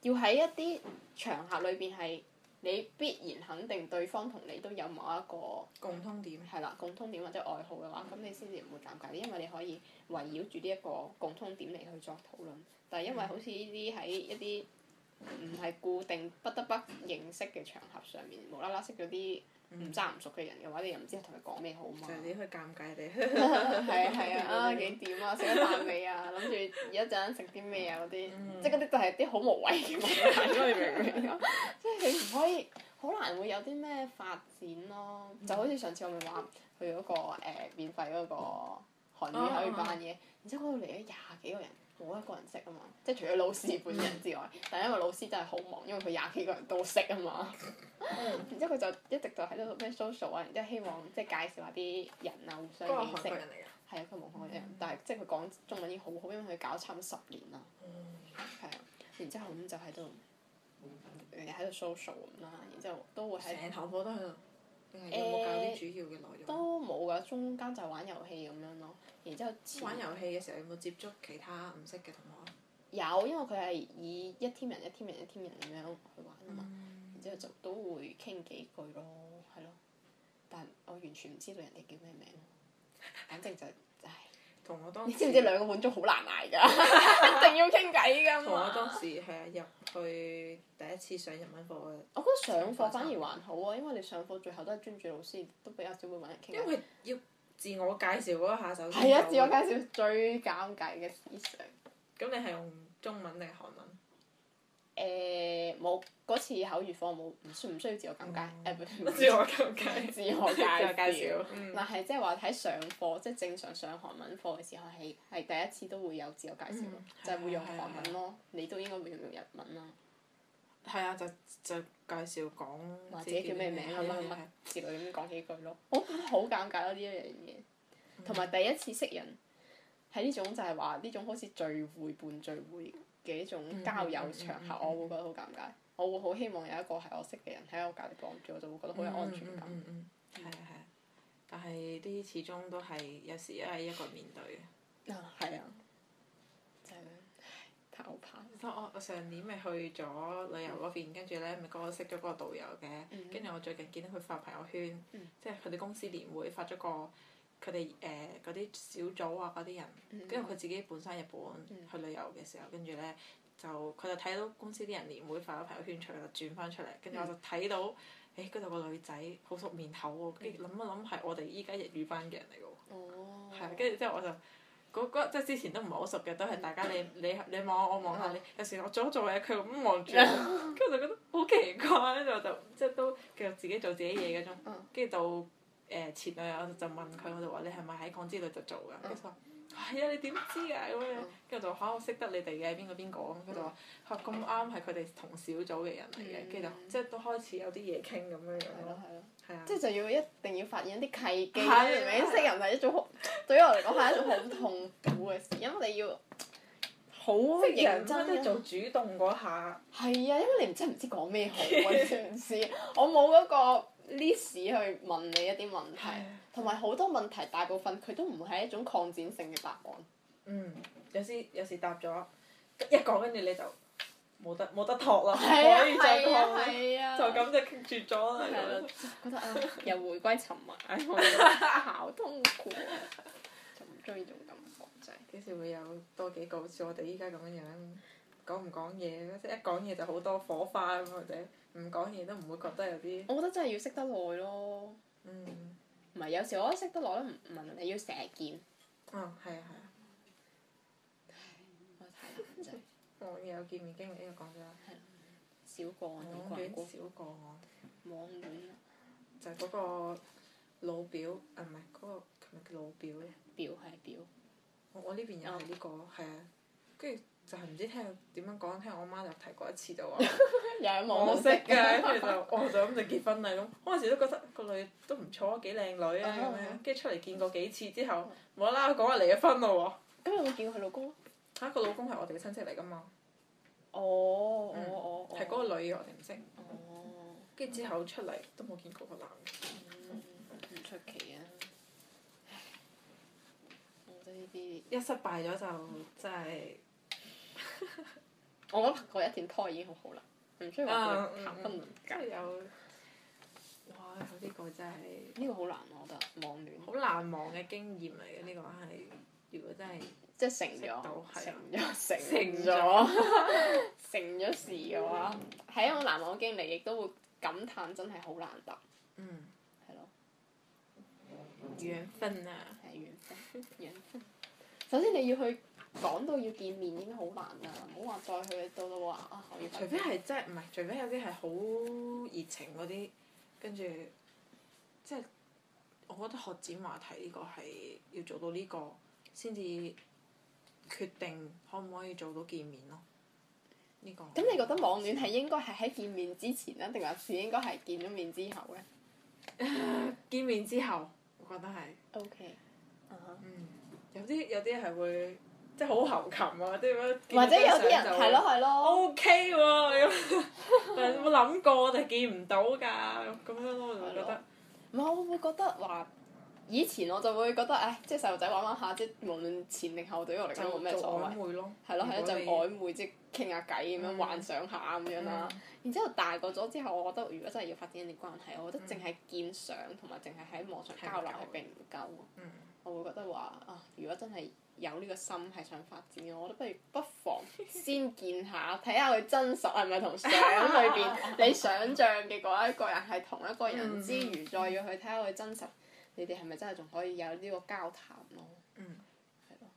要喺一啲場合裏邊係你必然肯定對方同你都有某一個共通點。係啦，共通點或者愛好嘅話，咁、嗯、你先至唔會尷尬，因為你可以圍繞住呢一個共通點嚟去作討論。但係因為好似呢啲喺一啲。嗯 唔係固定不得不認識嘅場合上面，無啦啦識咗啲唔爭唔熟嘅人嘅話，嗯、你又唔知同佢講咩好嘛？就係去尷尬佢哋？係啊係啊啊幾點啊，食得飯未啊？諗住而家陣食啲咩啊嗰啲，啊嗯、即係嗰啲就係啲好無謂嘅問題，嗯、 你明唔明啊？即係你唔可以，好難會有啲咩發展咯。就好似上次我咪話去嗰、那個誒、呃、免費嗰個韓語喺度扮嘢，嗯、然之後嗰度嚟咗廿幾個人。冇一個人識啊嘛，即係除咗老師本人之外， 但係因為老師真係好忙，因為佢廿幾個人都識啊嘛， 然之後，佢就一直就喺度咩 social 啊，然之後，希望即係介紹下啲人啊，互相認識。係啊，佢冇韓國人，但係即係佢講中文已經好好，因為佢搞咗差唔多十年啦。係啊、嗯，然之後，咁、嗯、就喺度，誒喺度 social 咁啦，然之後，都會喺。成頭都喺度。
有冇教啲主要
嘅內容？欸、都冇㗎，中間就玩遊戲咁樣咯，然之後。玩遊戲嘅時候有冇接
觸其他唔識嘅同學？
有，因為佢係以一 team 人、一 team 人、一 team 人咁樣去玩啊嘛，嗯、然之後就都會傾幾句咯，係咯。但我完全唔知道人哋叫咩名。反正 就，唉。同我當。你知唔知兩個碗粥好難挨㗎？ 一定要傾偈㗎嘛。同我當時係啊入。去第一次上日文課，我
覺得上課反而還
好啊，因為你上課最後都係專注老師，都比較
少會揾人傾。因為要自我介紹嗰一下首先。係啊，自我介紹
最尷尬
嘅事情。咁你係用中文定韓文？誒，冇
嗰次口語課冇，唔需唔需要自我介紹誒？唔需自我介紹，自我介紹。但係即係話喺上課，即係正常上韓文課嘅時候係係第一次都會有自我介紹，就係會用韓文咯。你都應該會用用日文咯。
係啊，就就介紹講，或者叫咩名？唔唔唔，自個咁講幾句咯。
我覺得好尷尬咯，呢一樣嘢，同埋第一次識人，喺呢種就係話呢種好似聚會伴聚會。嘅一種交友場合，我會覺得好尷尬，我
會好希望有一個係我識嘅人喺我隔籬幫住，我就會覺得好有安全感。嗯嗯啊，係啊。但係啲始終都係有時一係一個面對嘅。嗱，係啊。真係。太可怕。所以我我上年咪去咗旅遊嗰邊，跟住咧咪個個識咗嗰個導遊嘅，跟住我最近見到佢發朋友圈，即係佢哋公司年會發咗個。佢哋誒嗰啲小組啊嗰啲人，跟住佢自己本身日本去旅遊嘅時候，跟住咧就佢就睇到公司啲人年會發咗朋友圈出嚟，就轉翻出嚟，跟住我就睇到，誒嗰度個女仔好熟面口喎，跟住諗一諗係我哋依家日語班嘅人嚟噶喎，啊，跟住之後想想我，哦、後我就嗰嗰即係之前都唔係好熟嘅，都係大家你你你望我望下你，嗯、有時我做咗做嘢佢咁望住我，跟住就覺得好奇怪，跟住我就，就，就即係都繼續自己做自己嘢嗰種，跟住到。誒前女友就問佢，我就話你係咪喺港之旅度做噶？佢就話係啊！你點知啊咁樣？跟住我就話嚇，我識得你哋嘅邊個邊個。佢就話嚇，咁啱係佢哋同小組嘅人嚟嘅。跟住就即係都開始有啲嘢傾咁樣樣咯。係咯，係咯。係啊。即係就
要一定要發現一啲契機，明明識人係一種，對於我嚟講係一種好痛
苦嘅事，因為你
要。好認真。做主動嗰下。係啊，因為你真係唔知講咩好，先唔知我冇嗰個。list 去問你一啲問題，同埋好多問題大部分佢都唔係一種擴展性嘅答案。嗯，
有時有時答咗一講，跟住你就冇得冇得託咯，是啊、可以再託，是啊，是啊就咁就傾住咗啦。覺得、啊、又回歸沉默，好、 哎、痛苦。 就唔中意種感覺，就係幾時會有多幾個好似我哋依家咁樣樣講唔講嘢，即係一講嘢就好多火花咁或者。唔講嘢都唔會覺得有啲。我覺得真係要識得耐咯。嗯。唔
係，有時我覺得識得耐都唔唔你要成日見。嗯、哦，
係啊，係啊。我太難我有見面經歷，又講咗。係、啊。小嗯嗯、少小我。網戀少過我。網戀。就係嗰個老表，啊，唔係嗰個，琴日叫老表嘅、啊？表係表。我我呢邊有呢、這個係 Okay. 啊，跟住、啊。就係唔知聽點樣講，聽我媽就提過一次就話我唔 識嘅，跟住就我就咁就結婚咯。嗰陣時都覺得個女都唔錯，幾靚女啊。跟住出嚟見過幾次之後，無啦啦講話離咗婚咯喎！咁有冇見過佢老公？嚇！佢老公係我哋嘅親戚嚟噶嘛？哦哦哦！係嗰個女嘅，我哋唔識。哦。跟住之後出嚟都冇見過個男嘅。嗯、唔出奇啊！咁
呢啲
一失敗咗就
真係～ 我覺得嗰一段拖已經好好啦，唔需要話談婚論
嫁。即係、嗯嗯嗯嗯嗯、有，哇！呢個真係呢個好難，我覺得網戀。好難忘嘅經驗嚟嘅呢個係，如果真係即係成咗了。成咗了成咗了成咗事嘅話，係一
個難忘嘅經歷，亦都會感嘆真係好難得。嗯、mm.，係咯。
緣分啊！係緣分。
緣分。首先，你要去。講到要見面已經好難啦，唔好話
再去到到話啊！除非係即係唔係？除非是有啲係好熱情嗰啲，跟住即係我覺得學展話題呢個係要做到呢個先至決定可唔可以做到見面咯？呢個。咁你覺得網戀係應
該係喺見面之前啊，定還是應該係見咗面之後
咧？ 見面之後，我覺得係。OK。嗯哼。嗯，有啲有啲係會。即係好喉擒啊！即係咁樣見張相就 O，K 喎、啊、咁，但 有冇諗過？我哋見唔到㗎咁樣，我就覺得
唔係我會覺得話以前我就會覺得誒、哎，即係細路仔玩玩下，即係無論前定後對，對於我嚟講冇咩所謂。
係咯，係一陣曖
昧即係傾下偈咁樣幻想下咁樣啦。嗯、然之後大個咗之後，我覺得如果真係要發展一啲關係，我覺得淨係見相同埋淨係喺網上交流係並唔夠。嗯、我會覺得話啊，如果真係。有呢個心係想發展嘅，我都不如不妨先見下，睇下佢真實係咪同相片裏邊你想象嘅嗰一個人係同一個人之餘， 再要去睇下佢真實，嗯、你哋係咪真係仲可以有呢個交談咯？嗯，係
咯了。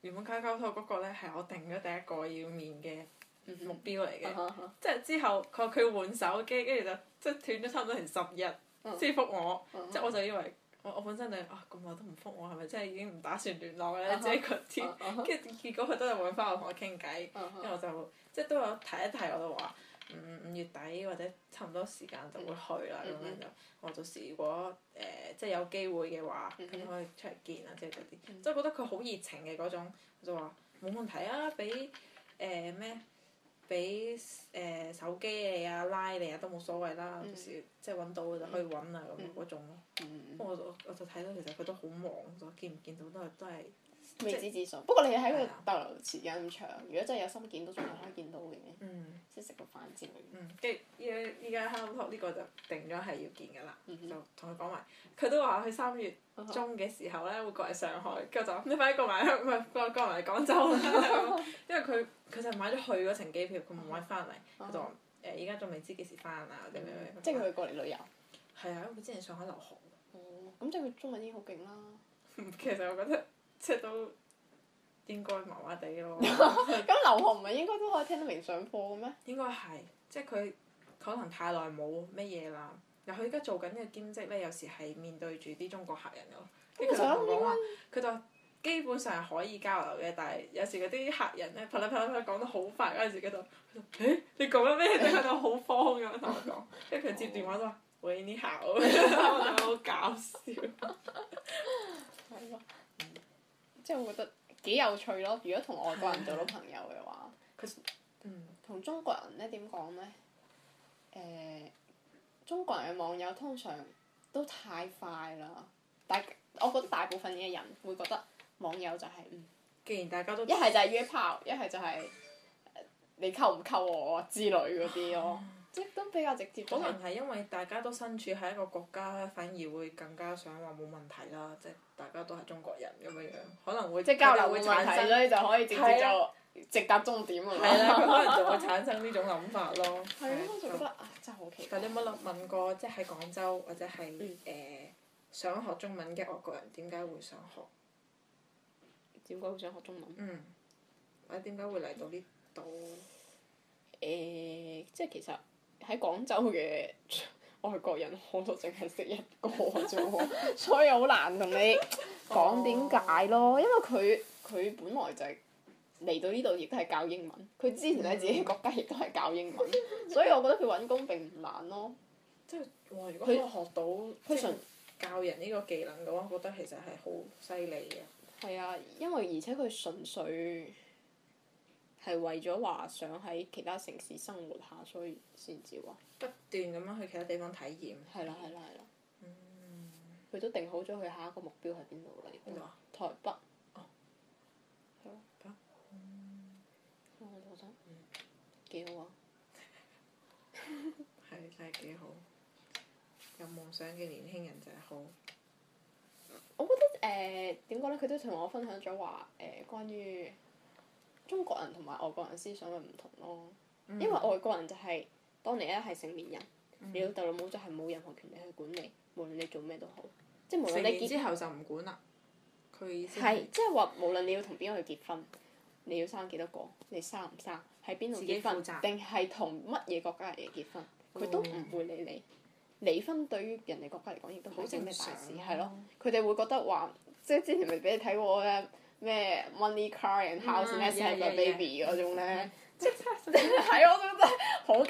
原本卡溝通嗰、那個咧係我定咗第一個要面嘅目標嚟嘅，嗯 uh huh. 即係之後佢話佢要換手機，跟住就即係斷咗差唔多成十日先覆我，uh huh. 即係我就以為。我我本身就啊咁耐都唔覆我係咪即係已經唔打算聯絡咧？即係嗰啲，跟住結果佢都係揾翻我同我傾偈，跟住我就即係都有睇一睇，我就話五五月底或者差唔多時間就會去啦咁、mm hmm. 樣就，我到時如果誒即係有機會嘅話，mm hmm. 可，可以出嚟見啊，即係嗰啲，即係、mm hmm. 覺得佢好熱情嘅嗰種，我就話冇問題啊，俾誒咩俾誒。呃手機嚟啊，拉嚟啊都冇所謂啦，到時即係揾到就可以揾啊咁嗰種。不過、嗯、我我就睇到其實佢都好忙，見唔見到都係，都係，未知之數，不過你喺佢逗留時間咁長，如果真係有心見到，仲係可以見到嘅。嗯。即係食個飯之類。嗯。既而依家依喺諗學呢個就定咗係要見噶啦，就同佢講埋，佢都話去三月中嘅時候咧會過嚟上海，跟住我就話你快啲過埋啦，唔係，過過埋嚟廣州。因為佢佢就買咗去嗰程機票，佢冇買翻嚟。佢就話誒，而家仲未知幾時翻啊？或者咩。即係佢過嚟旅遊。係啊，佢之前上海留學。哦，咁即係佢中文已經好勁啦。其實我覺得。即都應該麻麻地咯。咁劉紅唔係應該都可以聽得明上課嘅咩？應該係，即佢可能太耐冇乜嘢啦。然後佢而家做緊嘅兼職咧，有時係面對住啲中國客人嘅咯。佢就基本上係可以交流嘅，但係有時嗰啲客人咧，啪啦啪啦啪啦講得好快，嗰陣時佢就你講緊咩？佢喺度好方好慌咁同我講，跟住佢接電話都話喂，你好，好搞笑。
即係我覺得幾有趣咯！如果同外國人做到朋友嘅話，同、嗯、中國人呢點講呢？誒、呃，中國人嘅網友通常都太快啦，大我覺得大部分嘅人會覺得網友就係、是、嗯，既然大家都一係就係約炮，一係就係
你溝唔溝我啊之類嗰啲咯。嗯都比較直接。可能係因為大家都身處喺一個國家，反而會更加想話冇問題啦。即係大家都係中國人咁樣，可能會即係交流會產生咧就可以直接就直達終點啊嘛。佢可能就會產生呢種諗法咯。係啊，我覺得真係好奇怪。但你有冇諗問過，即係喺廣州或者係誒想學中文嘅外國人，點解會想學？點解會想學中文？
嗯。
或者點解會嚟到呢度？誒，即係其實。
喺廣州嘅外、哦、國人我都淨係識一個啫喎， 所以好難同你講點解咯。Oh. 因為佢佢本來就係、是、嚟到呢度，亦都係教英文。佢之前喺自己國家亦都係教英文， 所以我
覺得佢揾工並唔難咯。即係哇！如果可以學到他教人呢個技能嘅話，我覺得其實係好犀利
嘅。係啊，因為而且佢純粹。係為咗話想喺其他城市生活下，所以
先至話不斷咁樣去其他地方體驗。係啦，係啦，係啦。嗯，佢都
定好咗佢下一個目標係邊度嚟？啊、
台北。哦。係咯。
嗯。有
夢想。嗯。幾好啊！係， 真係幾好。有夢想嘅年輕人就係好。
我覺得誒點講咧？佢都同我分享咗話誒關於。中國人同埋外國人思想就唔同咯，嗯、因為外國人就係、是、當你咧係成年人，嗯、你老豆老母就係冇任何權利去管理。無論你做咩都好。
即係無論你結婚之後就唔管啦，
佢意思係即係話無論你要同邊個去結婚，你要生幾多個，你生唔生，喺邊度結婚，定係同乜嘢國家嚟結婚，佢都唔會理你。嗯、離婚對於人哋國家嚟講亦都好正常，係咯，佢哋會覺得話，即係之前咪俾你睇過嘅。咩 Money car and House m e s、嗯啊、s i n Baby 嗰、嗯啊、種即係、嗯、 我都真係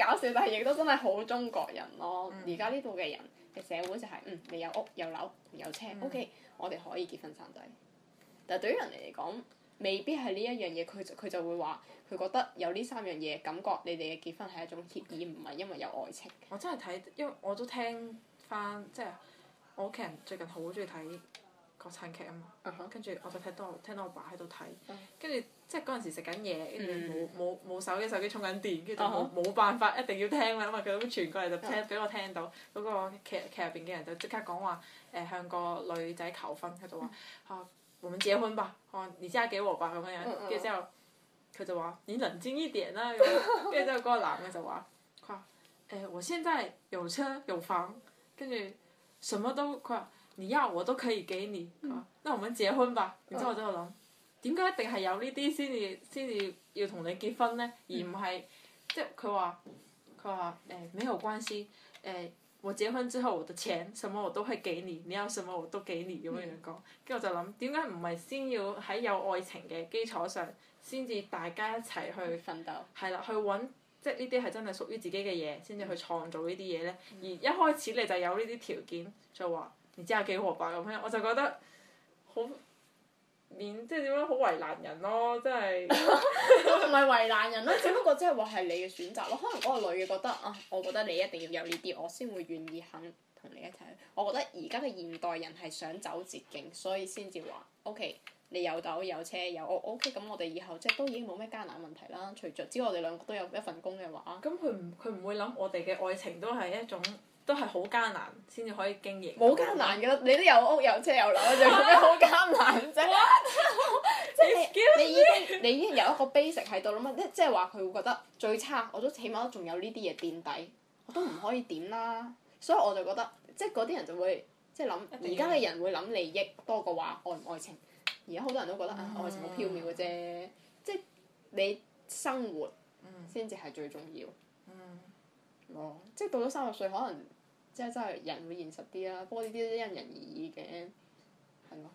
好搞笑，但係亦都真係好中國人咯、哦。而家呢度嘅人嘅社會就係、是，嗯，你有屋有樓有車、嗯、OK，我哋可以結婚生仔。但對於人哋嚟講，未必係呢一樣嘢，佢就佢就會話，佢覺得有呢三樣嘢，感覺你哋嘅結婚係一種協議，唔
係、嗯、因為有愛情。我真係睇，因為我都聽翻，即、就、係、是、我屋企人最近好中意睇。國產劇啊嘛，跟住我就聽到，聽到我爸喺度睇，跟住即係嗰陣時食緊嘢，跟住冇冇冇手機，手機充緊電，跟住就冇冇辦法一定要聽啦嘛，佢咁傳過嚟就聽，俾我聽到嗰、那個劇劇入邊嘅人就即刻講話，誒、呃、向個女仔求婚，佢就話，嗯、啊，我們結婚吧，啊你嫁給我吧咁樣，跟住之後佢就話你冷靜一點啦、啊，跟住之後個男嘅就話，誒、呃，我現在有車有房，跟住什麼都，誒。你要，我都可以俾你。佢話、嗯：，那我們結婚吧。然之後我就，我喺度諗，點解一定係有呢啲先至先至要同你結婚呢？而唔係、嗯、即係佢話佢話誒沒有關係誒、呃，我結婚之後，我的錢什麼我都會給你，你有什麼我都給你。咁樣講，跟住、嗯、我就諗，點解唔係先要喺有愛情嘅基礎上，先至大家一齊去奮鬥。係啦、嗯，去揾即係呢啲係真係屬於自己嘅嘢，先至去創造呢啲嘢呢。嗯嗯、而一開始你就有呢啲條件，就話。然之後幾可憐咁樣，我就覺得好，面即係點樣好為難人咯，真係。我唔係為難人咯， 只不過即係話係你嘅選擇咯。可能嗰個女嘅覺得
啊，我覺得你一定要有呢啲，我先會願意肯同你一齊。我覺得而家嘅現代人係想走捷徑，所以先至話 O K。OK，你有樓有車有，屋。O K。咁我哋
以後即係都已經冇咩艱難問題啦。除咗之外我哋兩個都有一份工嘅話，咁佢唔佢唔會諗我哋嘅愛情都係一種。都係好艱難先至可以經營，冇艱難嘅你都
有屋有車有樓，就咁樣好
艱難
啫。你
已經
你已經有一個 basic 喺度啦嘛，即即係話佢會覺得最差，我都起碼都仲有呢啲嘢墊底，我都唔可以點啦。所以我就覺得，即係嗰啲人就會即係諗，而家嘅人會諗利益多過話愛唔愛情。而家好多人都覺得啊，愛情好飄渺嘅啫，即係你生活先至係最重要。
嗯。哦，
即係到咗三十歲可能。即係真係人會現實啲啦，不過呢啲都因人而異
嘅，係咯。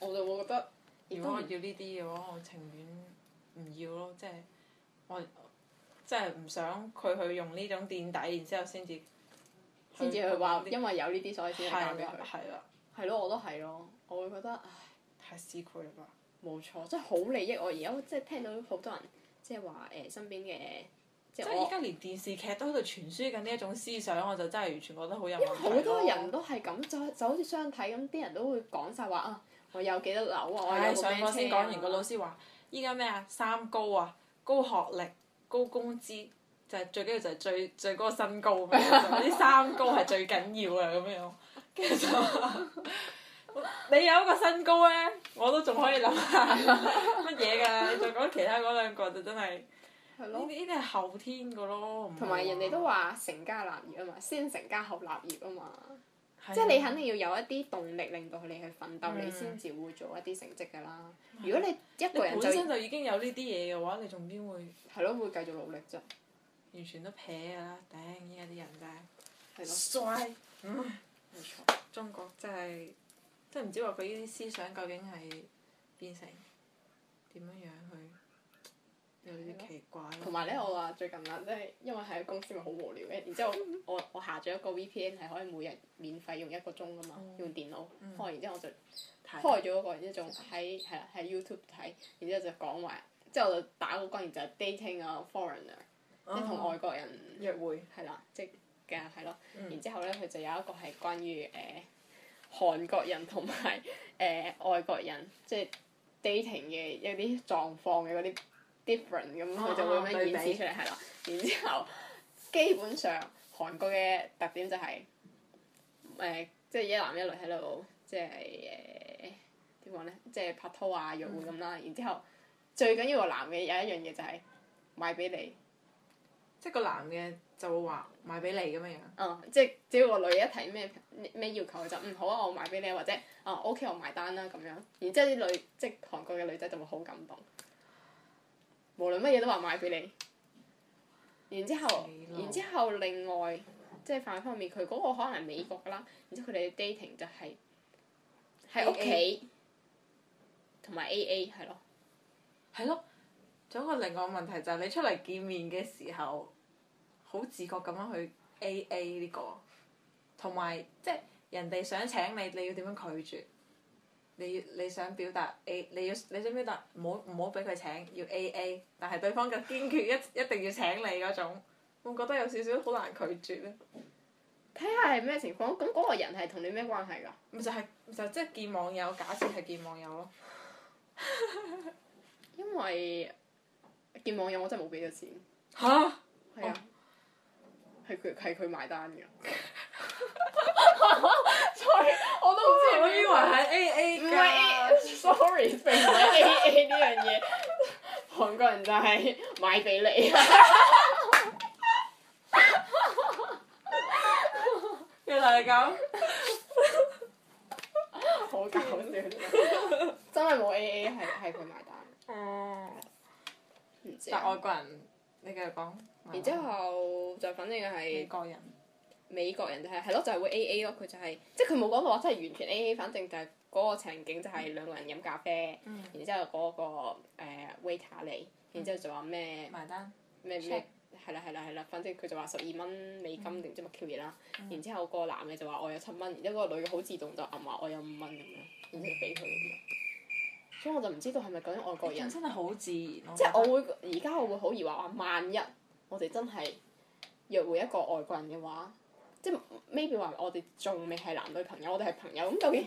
我就會覺得如果，如果我要呢啲嘅話，我情願唔要咯，即係我即係唔想佢去用呢種墊底，然之後先至先至去話，因為有呢啲所以先至交俾佢。係啦。
係咯，我都係咯，我會覺得唉，太市儈啦噃。冇錯，真係好利益。我而家即係聽到好多人即係話誒身邊嘅。
即係依家連電視劇都喺度傳輸緊呢一種思想，我就真係完全覺得好有問題。因為好多
人都係咁，就就好似相睇咁，啲人都會講晒話啊！
我有幾多樓、哎、啊？我上課先講完個老師話有部。依家咩啊？三高啊！高學歷、高工資，就係、是、最緊要就係最最高身高咩？啲 三高係最緊要啊！咁樣，跟住就，你有一個身高咧，我都仲可以諗下乜嘢㗎？你再講其他嗰兩個就真係。呢啲呢啲係後天噶咯，
同埋人哋都話成家立業啊嘛，先成家後立業啊嘛，嗎即係你肯定要有一啲動力令到你去奮鬥，你先至會做一啲成績噶啦。嗯、如果你
一個人本身就已經有呢啲嘢嘅話，你仲邊會？係咯，會繼續努力啫。完全都撇噶啦，頂依家啲人真係，係咯的。衰帥。嗯，冇錯。中國真係，真係唔知話佢呢啲思想究竟係變成點樣樣去。有啲奇怪。同埋咧，我
話最近啦，即係因為喺公司咪好無聊嘅，然之後我我下咗一個 VPN 係可以每日免費用一個鐘噶嘛，嗯、用電腦。開、嗯、然之後我就開咗嗰、那個，然之後仲喺係啦喺 YouTube 睇，然之後就講話，之後就打個關，就係、是、dating、uh, 啊 foreigner，即係同外國人約會，係啦，即嘅係咯。嗯、然之後咧，佢就有一個係關於誒韓國人同埋誒外國人即係、就是、dating 嘅一啲狀況嘅嗰啲。different 咁佢、哦、就會咁樣顯示出嚟係咯，然之後基本上韓國嘅特點就係、是、誒，即、呃、係、就是、一男一女喺度，即係誒點講咧，即、呃、係、就是、拍拖啊、約會咁啦，嗯、然之後最緊要個男嘅有一樣嘢就係買俾你，即係個男嘅就會話買俾你咁樣、嗯就是。嗯，即係只要個女一提咩咩要求就唔好啊，我買俾你或者啊、嗯、OK，我埋單啦咁樣，然之後啲女即係韓國嘅女仔就會好感動。無論乜嘢都話買俾你，然之後，然之後另外即係反方面，佢嗰個可能係美國啦，然之後佢哋嘅 dating
就係喺屋企，同埋 AA 係咯，係咯，仲有個另外個問題就係你出嚟見面嘅時候，好自覺咁樣去 AA 呢個，同埋即係人哋想請你，你要點樣拒絕？你你想表達 A，你要你想表達唔好唔好俾佢請，要 A A，但係對方咁堅決，一一定要請你嗰種，會唔會覺得有少少好難拒絕咧？睇下係咩情況，咁嗰個人係同你咩關係噶？唔就係就係即係見網友，假設係見網友咯。 因為見網友，我真係冇俾咗錢。嚇蛤！係啊～、Oh.
係佢係佢埋單嘅。
Sorry，我都唔知。我以為係 A A。唔係 A，Sorry，並唔係 A A 呢
樣嘢。韓國人就係買俾你。 原來係咁。
好搞笑。真係冇 A A 係係佢埋單。哦、嗯。唔知。但外國人。你繼續講，然之
後就反正係美國人，美國人就係係咯，就係、是、會 A A 咯，佢就係即係佢冇講話真係完全 A A，反正就係嗰個情景就係兩個人飲咖啡，嗯、然之後嗰、嗰個 waiter 嚟、呃，然之後就話咩埋單咩咩係啦係啦係啦，啦，啦，啦，反正佢就話十二蚊美金定唔知乜嘢啦，然之後個男嘅就話我有七蚊，然之後個女嘅好自動就話我有五蚊咁樣，然之後俾佢。 所以我就唔知道係咪講緊外國人真
係好自然。即係
我會，而家我會好疑惑話：萬一我哋真係約會一個外國人嘅話，即係 maybe 話我哋仲未係男女朋友，我哋係朋友咁究竟？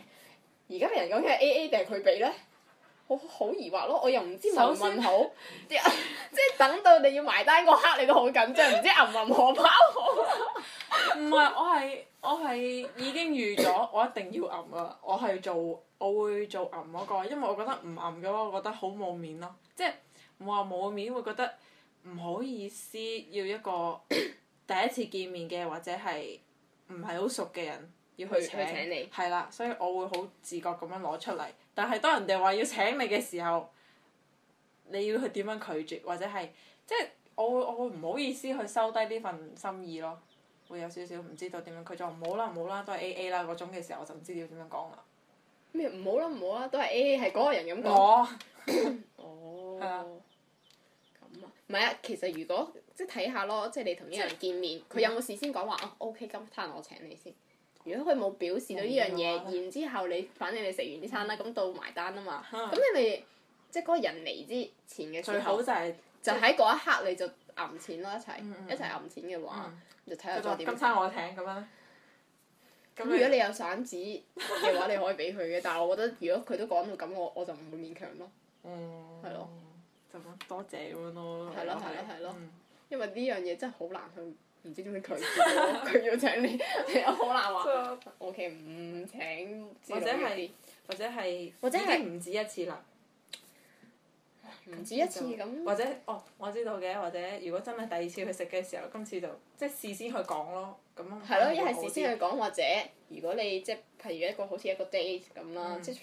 而家嘅人講嘅 AA
定係佢俾咧？好好疑惑咯！我又唔知問問好，先 即係等到你要埋單嗰刻，你都好緊張，唔知揞唔揞
荷包好。唔係， 我係我係已經預咗，我一定要揞啊！我係做。我會做揞嗰個，因為我覺得唔暗嘅話，我覺得好冇面咯。即係唔話冇面，會覺得唔好意思。要一個 第一次見面嘅或者係唔係好熟嘅人要去，去請你，係啦、嗯。所以我會好自覺咁樣攞出嚟。但係當人哋話要請你嘅時候，你要去點樣拒絕或者係即係我會我會唔好意思去收低呢份心意咯。會有少少唔知道點樣，佢就話唔好啦，唔好啦，都係 A A 啦嗰種嘅時候，我就唔知點樣講啦。
咩唔好啦唔好啦，都係 A A 係嗰個人咁講。哦。哦。係啊。咁啊，唔係啊，其實如果即係睇下咯，即係你同啲人見面，佢有冇事先講話哦，OK 今餐我請你先。如果佢冇表示到呢樣嘢，然之後你反正你食完啲餐啦，咁到埋單啊嘛，咁你咪即係嗰個人嚟之前嘅，最好就係就喺嗰一刻你就揞錢咯，一齊一齊揞錢嘅話。就睇下再點。今餐我請咁樣。咁如果你有散紙嘅話，你可以俾佢嘅。 但係我覺得，如果佢都講到咁，我我就唔會勉強、嗯、咯。咯咯咯嗯。係咯。咁多謝咁樣咯！我。係咯係咯係咯，因為呢樣嘢真係好難去唔知點樣拒絕，佢要請你，好 難話說。以 O.K.，唔請或。或者係，
或者係。或者係。已經唔止一次啦。唔止一次咁，或者哦，我知道嘅。或者如果真係第二次去食嘅時候，今次就即係事先去講咯。咁，係咯，一係事先去
講，或者如果你即係譬如一個好似一個 date 咁啦，嗯、即係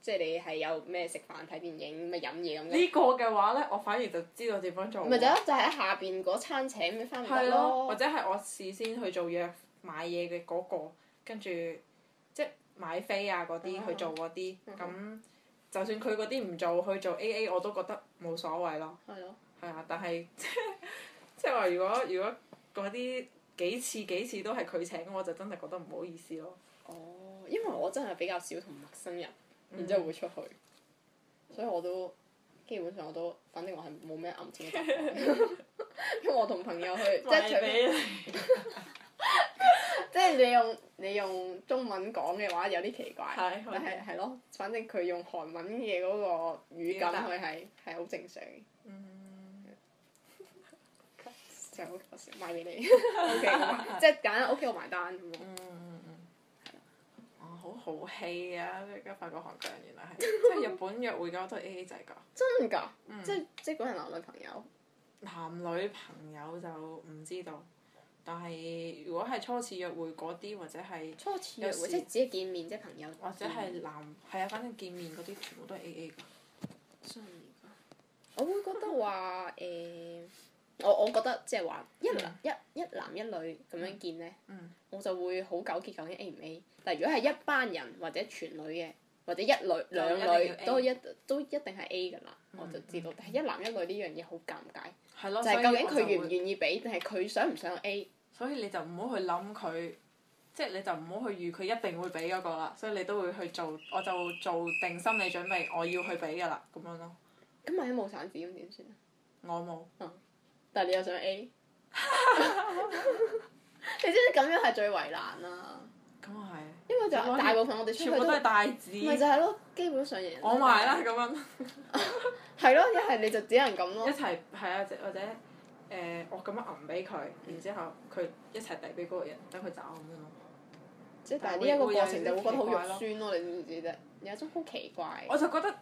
即係你係有咩食飯睇電影咩飲嘢
咁。個呢個嘅話咧，我反而就知道點樣做。咪就係
就喺、是、下邊嗰餐請你翻嚟得咯、啊。或者
係我事先去做嘢買嘢嘅嗰個，跟住即係買飛啊嗰啲、嗯、哼去做嗰啲咁。就算佢嗰啲唔做去做 A A 我都覺得冇所謂咯，係啊對喏，但係即係即係話如果如果嗰啲幾次幾次都係佢請我就真係覺得唔好意思咯。哦，因為我真係比較少同陌生人，嗯、然之後會出去，所以我都
基本上我都，反正我係冇咩暗錢 因為我同朋友去即係 除非。 即係你用你用中文講嘅話有啲奇怪，但係係咯，反正佢用韓文嘅嗰個語感，佢係係好正常嘅。嗯，就，係好搞笑，買俾
你，OK，即係揀屋企我埋單。嗯嗯嗯。哦，好豪氣啊！今日發覺韓國人原來係即係日本約會嘅話都 A A 制㗎。真㗎！即係即係嗰日男女朋友。男女朋友就唔知道。但係如果係初次約會嗰啲，或者係初次約會即係只係見面，即係朋友，或者係男係啊，反正見面嗰啲全部都係 A
A 㗎。我會覺得話誒，我我覺得即係話一男一一男一女咁樣見咧，我就會好糾結究竟 A 唔 A。但係如果係一班人或者全女嘅，或者一女兩女都一都一定係 A 㗎喇，我就知道。但係一男一女呢樣嘢好尷尬，就
係究竟佢願唔
願意俾，定係佢想唔
想 A。所以你就唔好去諗佢，即係你就唔好去預佢一定會俾嗰個啦。所以你都會去做，我就做定心理準備，我要去俾噶啦，咁樣咯。
咁咪一冇散紙咁點算我冇、嗯。但係你又想 A？ 你知唔知咁樣係最為難啊？咁又係。因為就大部分我哋全部都係大紙。咪就係咯，基本上人我埋啦咁
樣。 係咯，一係你就只能咁咯。一齊係啊！或者。誒、呃，我咁樣吟俾佢，然之後佢一齊遞俾嗰個人等佢找咁樣咯。即係呢一個過程就會覺得好肉酸
咯，你知唔知啫？有種好奇怪。我就覺得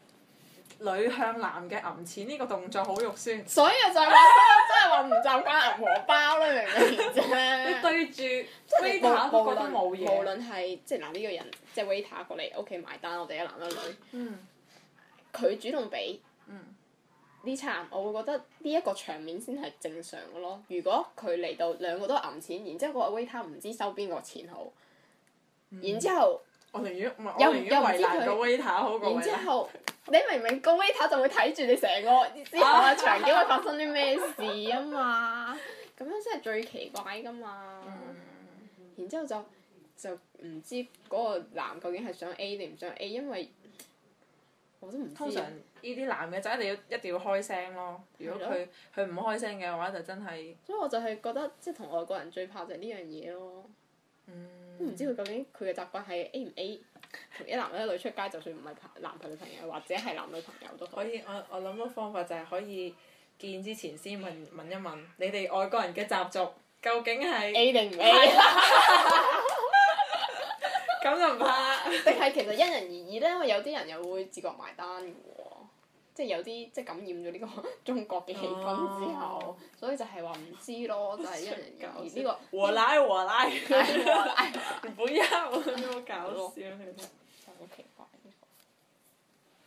女向男嘅揞錢呢個動作好肉酸。所以就話 真係話唔習慣荷包啦，明唔明啫？ 你對住，我覺得冇嘢，無論
係即係嗱呢個人，即係 waiter 過嚟屋企埋單，我哋一男一女。佢、嗯、主動俾。啲差，我會覺得呢一個場面先係正常嘅咯。如果佢嚟到兩個都揞錢，然之後個 waiter 唔知收邊個錢好，嗯、然之後，我
寧願唔係我寧願為難個 waiter 好過。然之後，後
你明明個 waiter 就會睇住你成個呢嘅場景會發生啲咩事啊嘛，咁、啊、 樣先係最奇怪噶嘛。嗯嗯、然之後就就唔知嗰個男
究竟係想 A 定唔想 A，因為。
我都通常
呢啲男嘅就一定要一定要開聲咯，如果佢佢唔開聲嘅話、嗯、就真係。所以我就係覺得，即係
同外國人最怕就係呢樣嘢咯。嗯、都唔知佢究竟佢嘅習慣係 A 唔 A？
同一男一女出街，就算唔係男朋友、朋友或者係男女朋友都，可以，我我諗個方法就係可以見之前先問問一問你哋外國人嘅習俗，究竟係。A 定唔 A？ 咁就唔怕，
定係其實因人而異咧，因為有啲人又會自覺埋單嘅喎，即係有啲即係感染咗呢個中國嘅氣氛之後，所以就係話唔知咯，就係因人而異呢個。和拉和拉，唔好，好
搞笑，
好奇怪。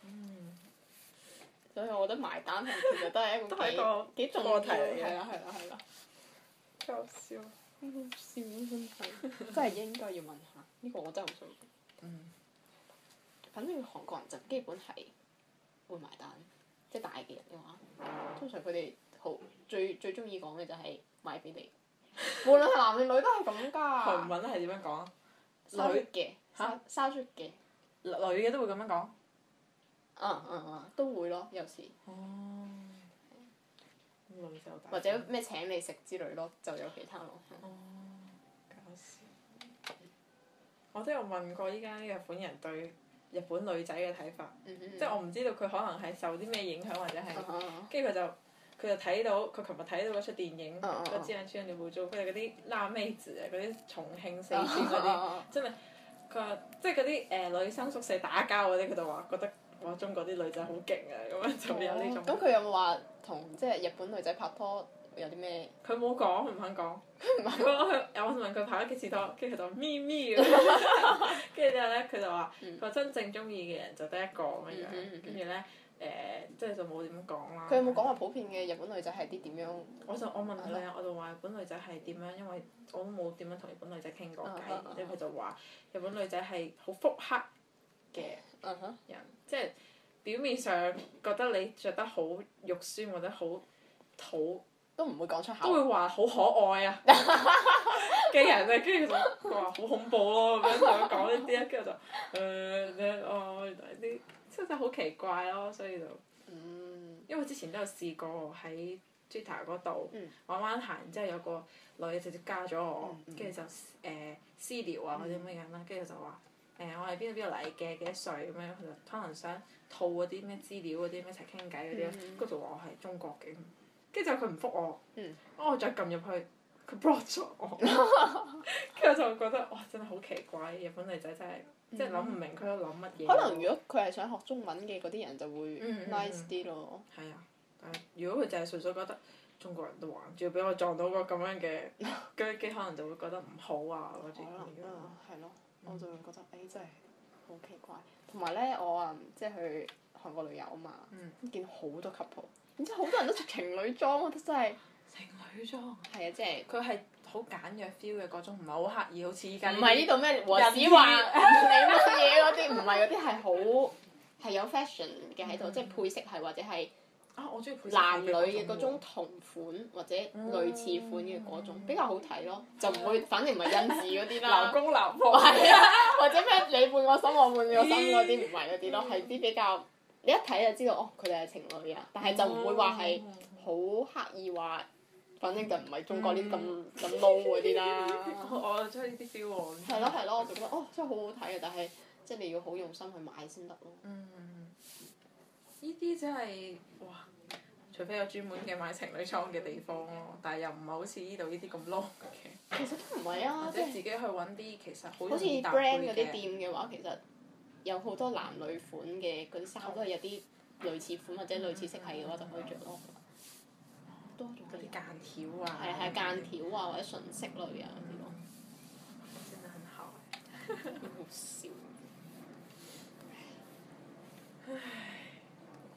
嗯，所以我覺得埋單其實都係一個幾幾重要嘅係啦係啦，搞笑。好笑真係，真係應該要問下呢 個，我真係好想。嗯。反正韓國人就基本係會埋單，即、就、係、是、大嘅人嘅話，嗯、通常佢哋好最最中意講嘅就係買俾你。無論係男定女都係咁㗎。韓 文
係點樣講？女
嘅嚇。生出嘅。
女嘅都會咁樣講、嗯。嗯嗯嗯。
都會咯，有時。哦、嗯。啊、或者咩請美食之類咯，就有其他
咯。哦，oh, 搞笑！
我都有問過依家日本人對日本女仔嘅睇法，mm hmm. 即係我唔知道佢可能係受啲咩影響，或者係，跟住佢就佢就睇到佢琴日睇到嗰出電影《嗰支眼穿尿布》做佢哋嗰啲辣妹子，啊、呃，嗰啲重慶四川嗰啲，即係佢話即係嗰啲誒女生宿舍打交嗰啲，佢就話覺得哇中國啲女仔好勁啊，咁樣就會有呢種。咁佢
有冇同即係日本女仔拍拖有啲咩？
佢冇講，佢唔肯講。我我有問佢拍咗幾次拖，跟住佢就咪咪咁。跟住之後咧，佢就話佢真正中意嘅人就得一個咁樣樣，跟住咧誒，即係就冇點講啦。佢有冇
講話普遍嘅日本女仔係啲點樣？
我就我問佢啊，我就話日本女仔係點樣，因為我都冇點樣同日本女仔傾過偈，跟住佢就話日本女仔係好腹黑嘅人，即係。表面上覺得你著得好肉酸或者好土，都唔會講出口，都會話好可愛啊嘅 人啊，跟住就佢話好恐怖，咯咁樣同佢講呢啲啊、呃，跟住就誒咧哦，原來啲真係好奇怪咯、啊，所以就，嗯，因為之前都有試過喺 Twitter 嗰度、嗯、慢慢行，然之後有個女直接加咗我，跟住、嗯嗯嗯、就誒、呃、私聊啊或者咩咁啦，跟住就話。誒，我係邊度邊度嚟嘅，幾多歲咁樣？佢就可能想套嗰啲咩資料嗰啲，一齊傾偈嗰啲，佢就話我係中國嘅，跟住就佢唔復我，我再撳入去，佢 block 咗我，跟住我就覺得哇，真係好奇怪！日本女仔真係，即係諗唔明佢喺度諗乜嘢。可能如果佢係想學中文嘅嗰啲人，就會 nice 啲咯。係啊，但係如果佢就係純粹覺得中國人都玩，仲要俾我撞到個咁樣嘅機器，可能就會覺得唔好啊嗰啲。可能啊，係咯。我就會覺得誒、哎、真係好奇怪，同埋
咧我啊即係去韓國旅遊啊嘛，嗯、見到好多 couple，
然之後好多人都着情侶裝，我覺得真係情侶裝。係啊，即係佢係好簡約 feel 嘅嗰種，唔係好刻意，好似依家。唔係呢度咩？黃子華乜嘢嗰啲？
唔係嗰啲係好係有 fashion 嘅喺度，嗯、即係配飾係或者係。
啊，我中意男女嘅嗰種
同款或者類似款嘅嗰種、嗯、比較好睇咯，的就唔會，反正唔係印字嗰啲啦，男公男婆係啊，或者咩你半個心我半個心嗰啲唔係嗰啲咯，係啲唉比較、嗯、你一睇就知道哦，佢哋係情侶啊，但係就唔會話係好刻意話，反正就唔係中國啲咁咁 low 嗰啲
啦。我我中意啲啲喎。係咯係咯，我就
覺得、嗯、哦，真係好好睇啊！但係
即係你要好用心去買先得咯。嗯。呢啲真係，哇！除非有專門嘅買情侶裝嘅地方咯，但係又唔係好似呢度呢啲咁攞嘅。Okay. 其實都
唔係啊，即係自己
去揾啲其實。好似 brand 嗰啲店嘅話，
其實有好多男女款嘅嗰啲衫都係有啲類似款或者類似色系嘅話，就可以着咯。嗯
啊、多種
啲間條啊！係係間條啊，或者純色類啊嗰啲咯。笑。唉。